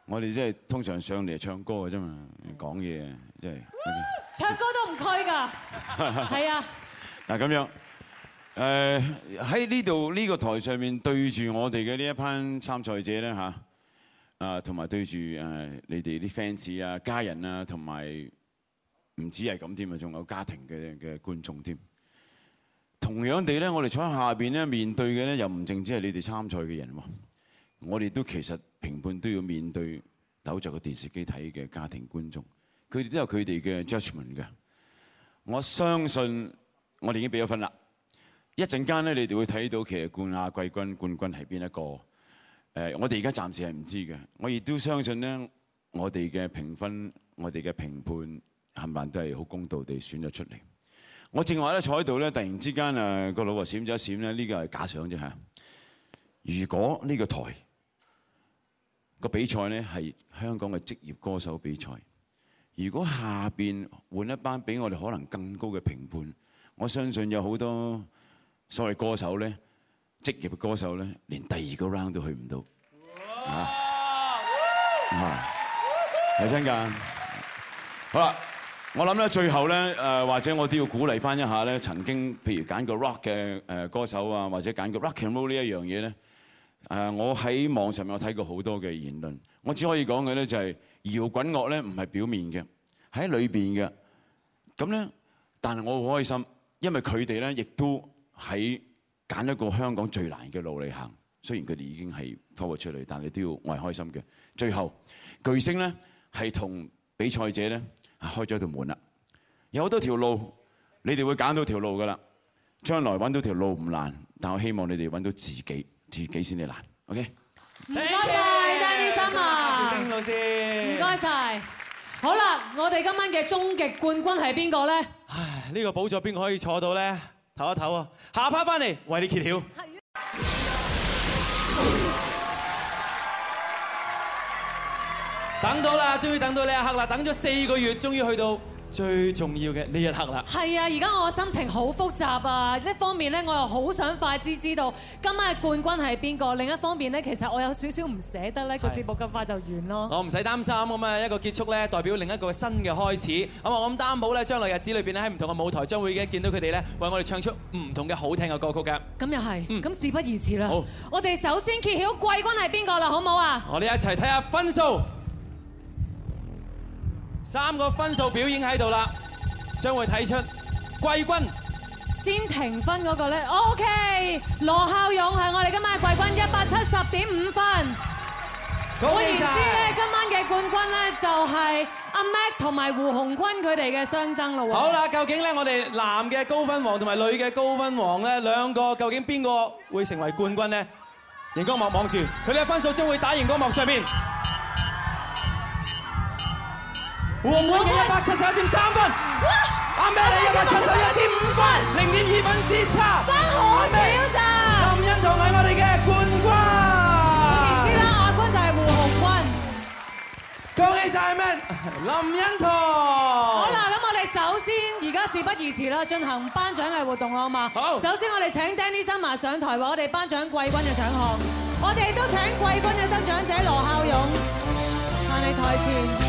我哋即係通常上嚟唱歌嘅啫嘛，講嘢即係。啊唱歌都唔拘噶，係啊。嗱咁樣，誒喺呢度呢個台上面對住我哋嘅呢一班參賽者咧吓。啊，同埋對住誒你哋啲 fans 啊、家人啊，同埋唔止係咁添啊，仲有家庭嘅嘅觀眾添。同樣地咧，我哋坐喺下邊咧，面對嘅咧又唔淨止係你哋參賽嘅人喎，我哋都其實評判都要面對扭着個電視機睇嘅家庭觀眾，佢哋都有佢哋嘅 judgment 嘅。我相信我哋已經俾咗分啦。一陣間咧，你哋會睇到其實冠亞季軍、冠軍係邊一個。誒，我哋而家暫時係唔知嘅，我亦都相信呢，我哋嘅評分、我哋嘅評判，冚唪唥都係好公道地選咗出嚟。我正話咧坐喺度咧，突然之間誒個腦啊閃咗一閃咧，呢個係假想啫嚇。如果呢個台個比賽呢，係香港嘅職業歌手比賽，如果下邊換一班比我哋可能更高嘅評判，我相信有好多所謂歌手呢。職業嘅歌手咧，連第二個 round 都去唔到。有真㗎。好啦，我諗咧最後咧，誒或者我都要鼓勵翻一下咧，曾經譬如揀個 rock 嘅誒歌手啊，或者揀個 rock and roll 呢一樣嘢咧。誒，我喺網上面我睇過好多嘅言論，我只可以講嘅咧就係搖滾樂咧唔係表面嘅，喺裏邊嘅。咁咧，但係我好開心，因為佢哋咧亦都喺。揀一個香港最難嘅路嚟行，雖然佢哋已經係拖我出嚟，但你都要我係開心嘅。最後巨星咧係同比賽者咧開咗條門啦，有好多條路你哋會揀到條路㗎啦。將來揾到一條路唔難，但我希望你哋揾到自己自己先至難。OK。唔該晒，Danny 啊，謝星老師。唔該晒。好啦，我哋今晚嘅終極冠軍係邊個咧？唉，呢這個寶座邊個可以坐到咧？唞一唞啊，下半返嚟為你揭曉。的等到啦，終於等到你一刻啦，等咗四個月，終於去到。最重要嘅呢一刻啦！係啊，而家我心情好複雜啊！一方面呢，我又好想快啲知，知道今晚嘅冠軍係邊個；另一方面呢，其實我有少少唔捨得呢個節目咁快就完咯。係啊。我唔使擔心咁啊，一個結束呢，代表另一個新嘅開始。咁啊，我咁擔保呢，將來日子裏邊呢，喺唔同嘅舞台，將會已經見到佢哋呢，為我哋唱出唔同嘅好聽嘅歌曲㗎。咁又係，咁事不宜遲啦。好，我哋首先揭曉季軍係邊個啦，好唔好啊？我哋一齊睇下分數。三個分數表演喺度啦，將會睇出季軍先停分嗰個咧。OK，羅孝勇係我哋今晚嘅季軍，一百七十點五分。恭喜曬！換言之咧，今晚嘅冠軍咧就係阿 Mac 同埋胡鴻鈞佢哋嘅相爭咯喎。好啦，究竟咧我哋男嘅高分王同埋女嘅高分王咧，兩個究竟邊個會成為冠軍咧？熒光幕望住佢哋嘅分數，將會打熒光幕上面。黃冠景一百七十一點三分，冠阿咩你一百七十一點五分，零點二分之差，真好少咋。林欣彤，我哋嘅冠軍。我哋知啦，亞軍就係胡鴻鈞。恭喜晒咩？林欣彤好。好啦，咁我哋首先而家事不宜遲啦，進行頒獎嘅活動啦，好嘛？好。首先我哋請 Danny Summer 上台為我哋頒獎季軍嘅獎項。我哋都請季軍嘅得獎者羅孝勇行嚟台前。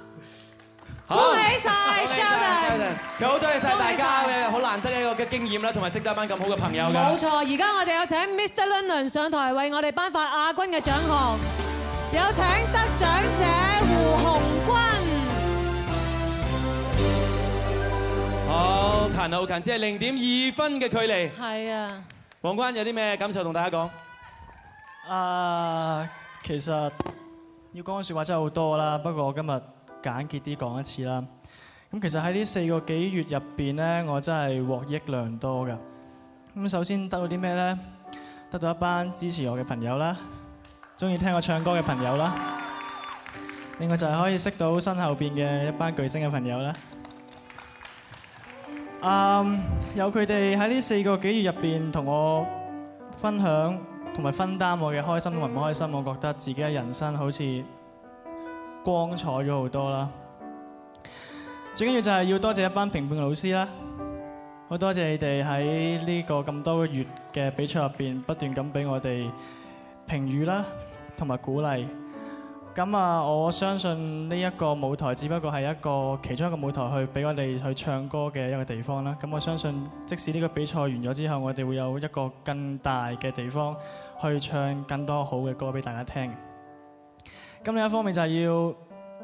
恭喜曬，Sheldon。佢好多謝曬大家嘅，好難得一個嘅經驗啦，同埋識得一班咁好嘅朋友㗎。冇錯，而家我哋有請 Mr. Lun 上台為我哋頒發亞軍嘅獎項。有請得獎者胡鴻鈞。好近好近，只係零點二分嘅距離。係啊。鴻鈞有啲咩感受同大家講？啊，其實要講嘅説話真係好多啦，不過我今日。簡潔啲講一次啦。咁其實喺呢四個幾月入邊咧，我真係獲益良多噶。咁首先得到啲咩咧？得到一班支持我嘅朋友啦，中意聽我唱歌嘅朋友啦。另外就係可以識到身後邊嘅一班巨星嘅朋友啦。嗯，有佢哋喺呢四個幾月入邊同我分享同埋分擔我嘅開心同埋唔開心，我覺得自己嘅人生好似～光彩咗好多啦！最緊要就係要多謝一班評判老師啦，好多謝你哋喺呢個咁多月嘅比賽入邊不斷咁俾我哋評語啦，同埋鼓勵。咁啊，我相信呢一個舞台只不過係一個其中一個舞台去俾我哋去唱歌嘅一個地方啦。咁我相信，即使呢個比賽完咗之後，我哋會有一個更大嘅地方去唱更多好嘅歌俾大家聽。咁另一方面就係要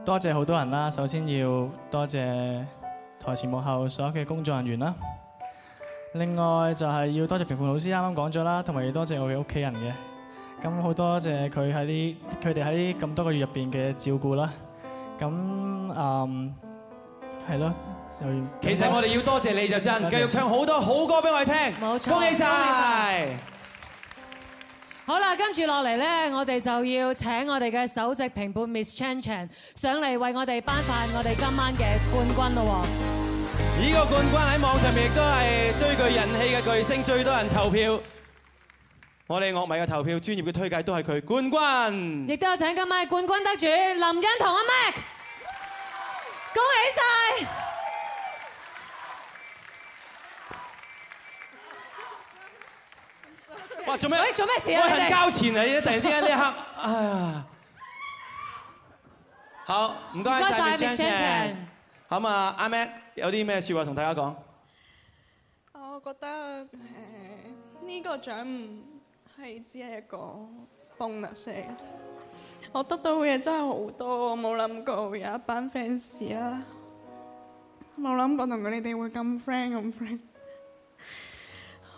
多謝好多人啦，首先要多謝台前幕後所有嘅工作人員啦。另外就係要多謝評判老師啱啱講咗啦，同埋要多謝我哋屋企人嘅。咁好多謝佢喺呢佢哋喺咁多個月入邊嘅照顧啦。咁、嗯、啊，係咯。其實我哋要多謝你就真謝，繼續唱好多好歌俾我哋聽。冇錯，恭喜晒！好啦，跟住落嚟咧，我哋就要請我哋嘅首席評判 Miss Chan Chan 上嚟為我哋頒發我哋今晚嘅冠軍咯。呢個冠軍喺網上面亦都係最具人氣嘅巨聲，最多人投票，我哋樂迷嘅投票、專業嘅推介都係佢冠軍。亦都有請今晚冠軍得主林欣彤阿 Mag，恭喜晒。哇！做咩？做咩事啊？我係交錢嚟啫，突然之間呢一刻，哎呀！好，唔該曬，唔該曬，Michelle。咁啊，阿 Mag 有啲咩説話同大家講？我覺得誒呢個獎係只係一個 bonus。我得到嘅嘢真係好多，我冇諗過有一班 fans 啦，冇諗過同佢哋會咁 friend 咁 friend。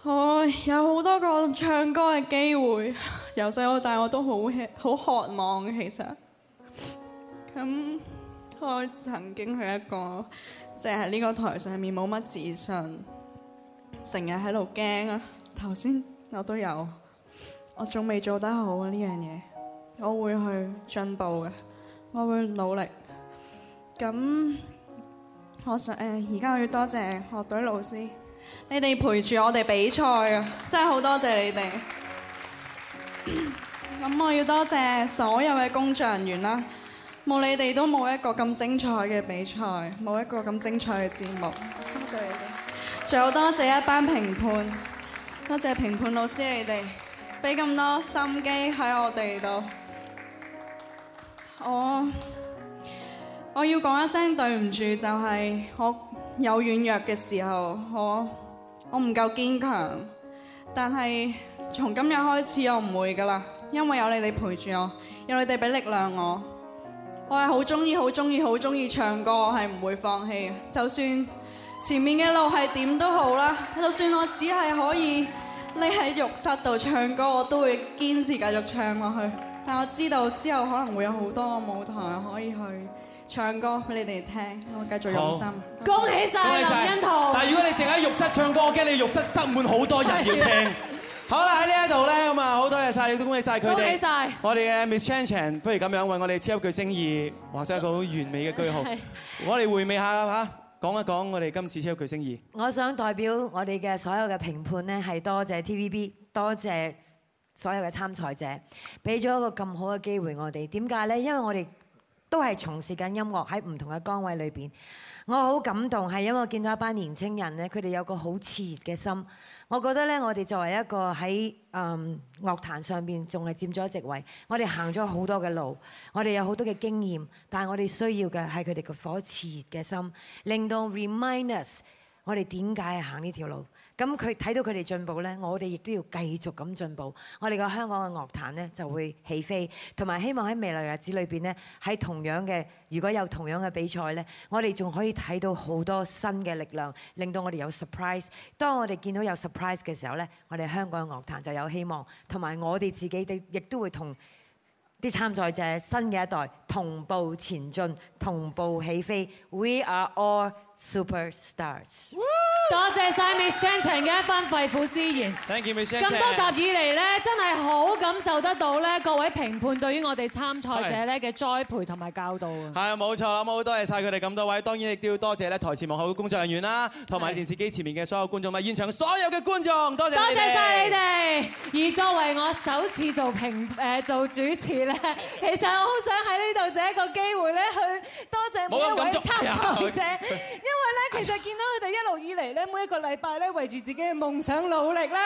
我有好多個唱歌嘅機會，由細到大我都好好渴望嘅其實那。咁我曾經係一個即係呢個台上面，冇乜自信，成日喺度驚啊！頭先我都有，我仲未做得好啊呢樣嘢，我會去進步嘅，我會努力。咁我想，誒而家我要多謝樂隊老師。你哋陪住我哋比賽啊，真係好多謝你哋。咁我要多謝所有嘅工作人員啦，冇你哋都冇一個咁精彩嘅比賽，冇一個咁精彩嘅節目。多謝你哋，仲有多謝一班評判，多謝評判老師你哋，俾咁多心機喺我哋度。我我要講一聲對唔住，就係我。有軟弱嘅時候，我我唔夠堅強，但係從今日開始我唔會㗎喇，因為有你哋陪住我，有你哋俾力量我，我係好中意。我係好中意、好中意、好中意唱歌，我係唔會放棄，就算前面嘅路係點都好啦，就算我只係可以匿喺浴室度唱歌，我都會堅持繼續唱落去。但我知道之後可能會有好多舞台可以去。唱歌俾你哋聽，我繼續用心，恭喜曬林欣彤。但係如果你淨喺浴室唱歌，我驚你浴室塞滿好多人要聽。好啦，喺呢一度咧，咁啊好多謝曬，亦都恭喜曬佢哋。恭喜曬！我哋嘅 Miss Chan Chan，不如咁樣為我哋超級巨聲2，畫上一個好完美嘅句號。我哋回味下嚇，講一講我哋今次超級巨聲2。我想代表我哋嘅所有嘅評判咧，係多謝 TVB，多謝所有嘅參賽者，俾咗一個咁好嘅機會我哋。點解咧？因為我哋。都係從事緊音樂，喺唔同嘅崗位裏邊，我好感動，係因為我見到一班年青人咧，佢哋有個好熾熱嘅心。我覺得咧，我哋作為一個喺嗯樂壇上面仲係佔咗席位，我哋行咗好多嘅路，我哋有好多嘅經驗，但係我哋需要嘅係佢哋個火熾熱嘅心，令到 remind us 我哋點解係行呢條路。咁佢睇到佢哋進步呢，我哋亦都要繼續咁進步，我哋嘅香港嘅樂壇呢就會起飛，同埋希望喺未來日子裏邊呢，喺同樣嘅如果有同樣嘅比賽呢，我哋仲可以睇到好多新嘅力量，令到我哋有 surprise。當我哋見到有 surprise 嘅時候呢，我哋香港嘅樂壇就有希望，同埋我哋自己哋亦都會同啲參賽者新嘅一代同步前進，同步起飛。We are all superstars。多謝曬 Miss Chan Chan 嘅一番肺腑之言。Thank you Miss Chan Chan。咁多集以嚟咧，真係好感受得到咧，各位評判對於我哋參賽者咧嘅栽培同埋教導。係啊冇錯啦，好多謝曬佢哋咁多位，當然亦都要多謝咧台前幕後嘅工作人員啦，同埋電視機前面嘅所有觀眾啦，現場所有嘅觀眾，多謝。多謝曬你哋。而作為我首次做評誒做主持咧，其實我好想喺呢度借一個機會咧，去多謝每一位參賽者，因為咧其實見到佢哋一路以嚟咧。每一個禮拜咧，為住自己嘅夢想努力咧，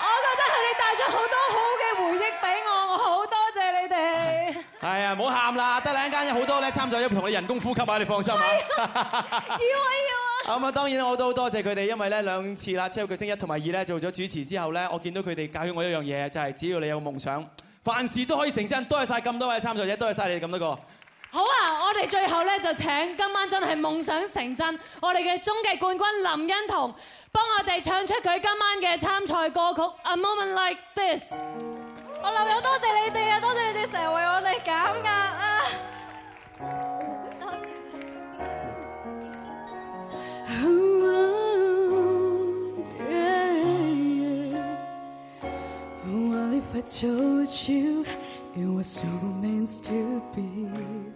我覺得佢哋帶咗好多好嘅回憶俾我，我好多謝你哋。係啊，唔好喊啦，得兩間有好多咧參賽者同你人工呼吸啊，你放心啊。要啊要啊。咁啊，當然我都好多謝佢哋，因為咧兩次啦，超級巨聲一同埋二咧做咗主持之後咧，我見到佢哋教曉我一樣嘢，就係、是、只要你有夢想，凡事都可以成真。多謝晒咁多位參賽者，多謝晒你哋咁多個。好啊！我哋最後咧就請今晚真係夢想成真，我哋嘅終極冠軍林欣彤幫我哋唱出佢今晚嘅參賽歌曲《A Moment Like This》。我男有多謝你哋啊，多謝，謝你哋成日為我哋減壓啊！多謝你哋！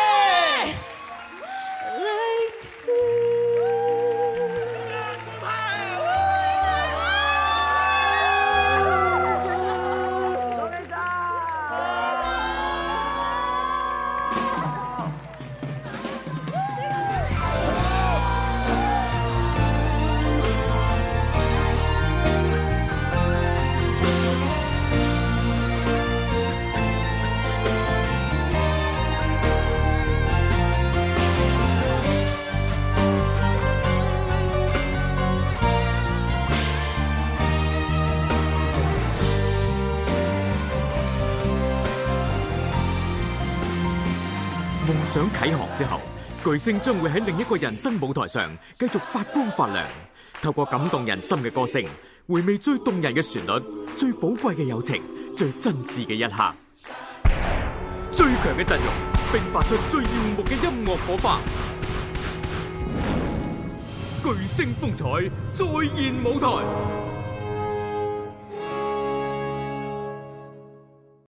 想啟航之後，巨聲將會喺另一個人生舞台上繼續發光發亮，透過感動人心嘅歌聲，回味最動人嘅旋律，最寶貴嘅友情，最真摯嘅一刻，最強嘅陣容，並發出最耀目嘅音樂火花，巨聲風采再現舞台。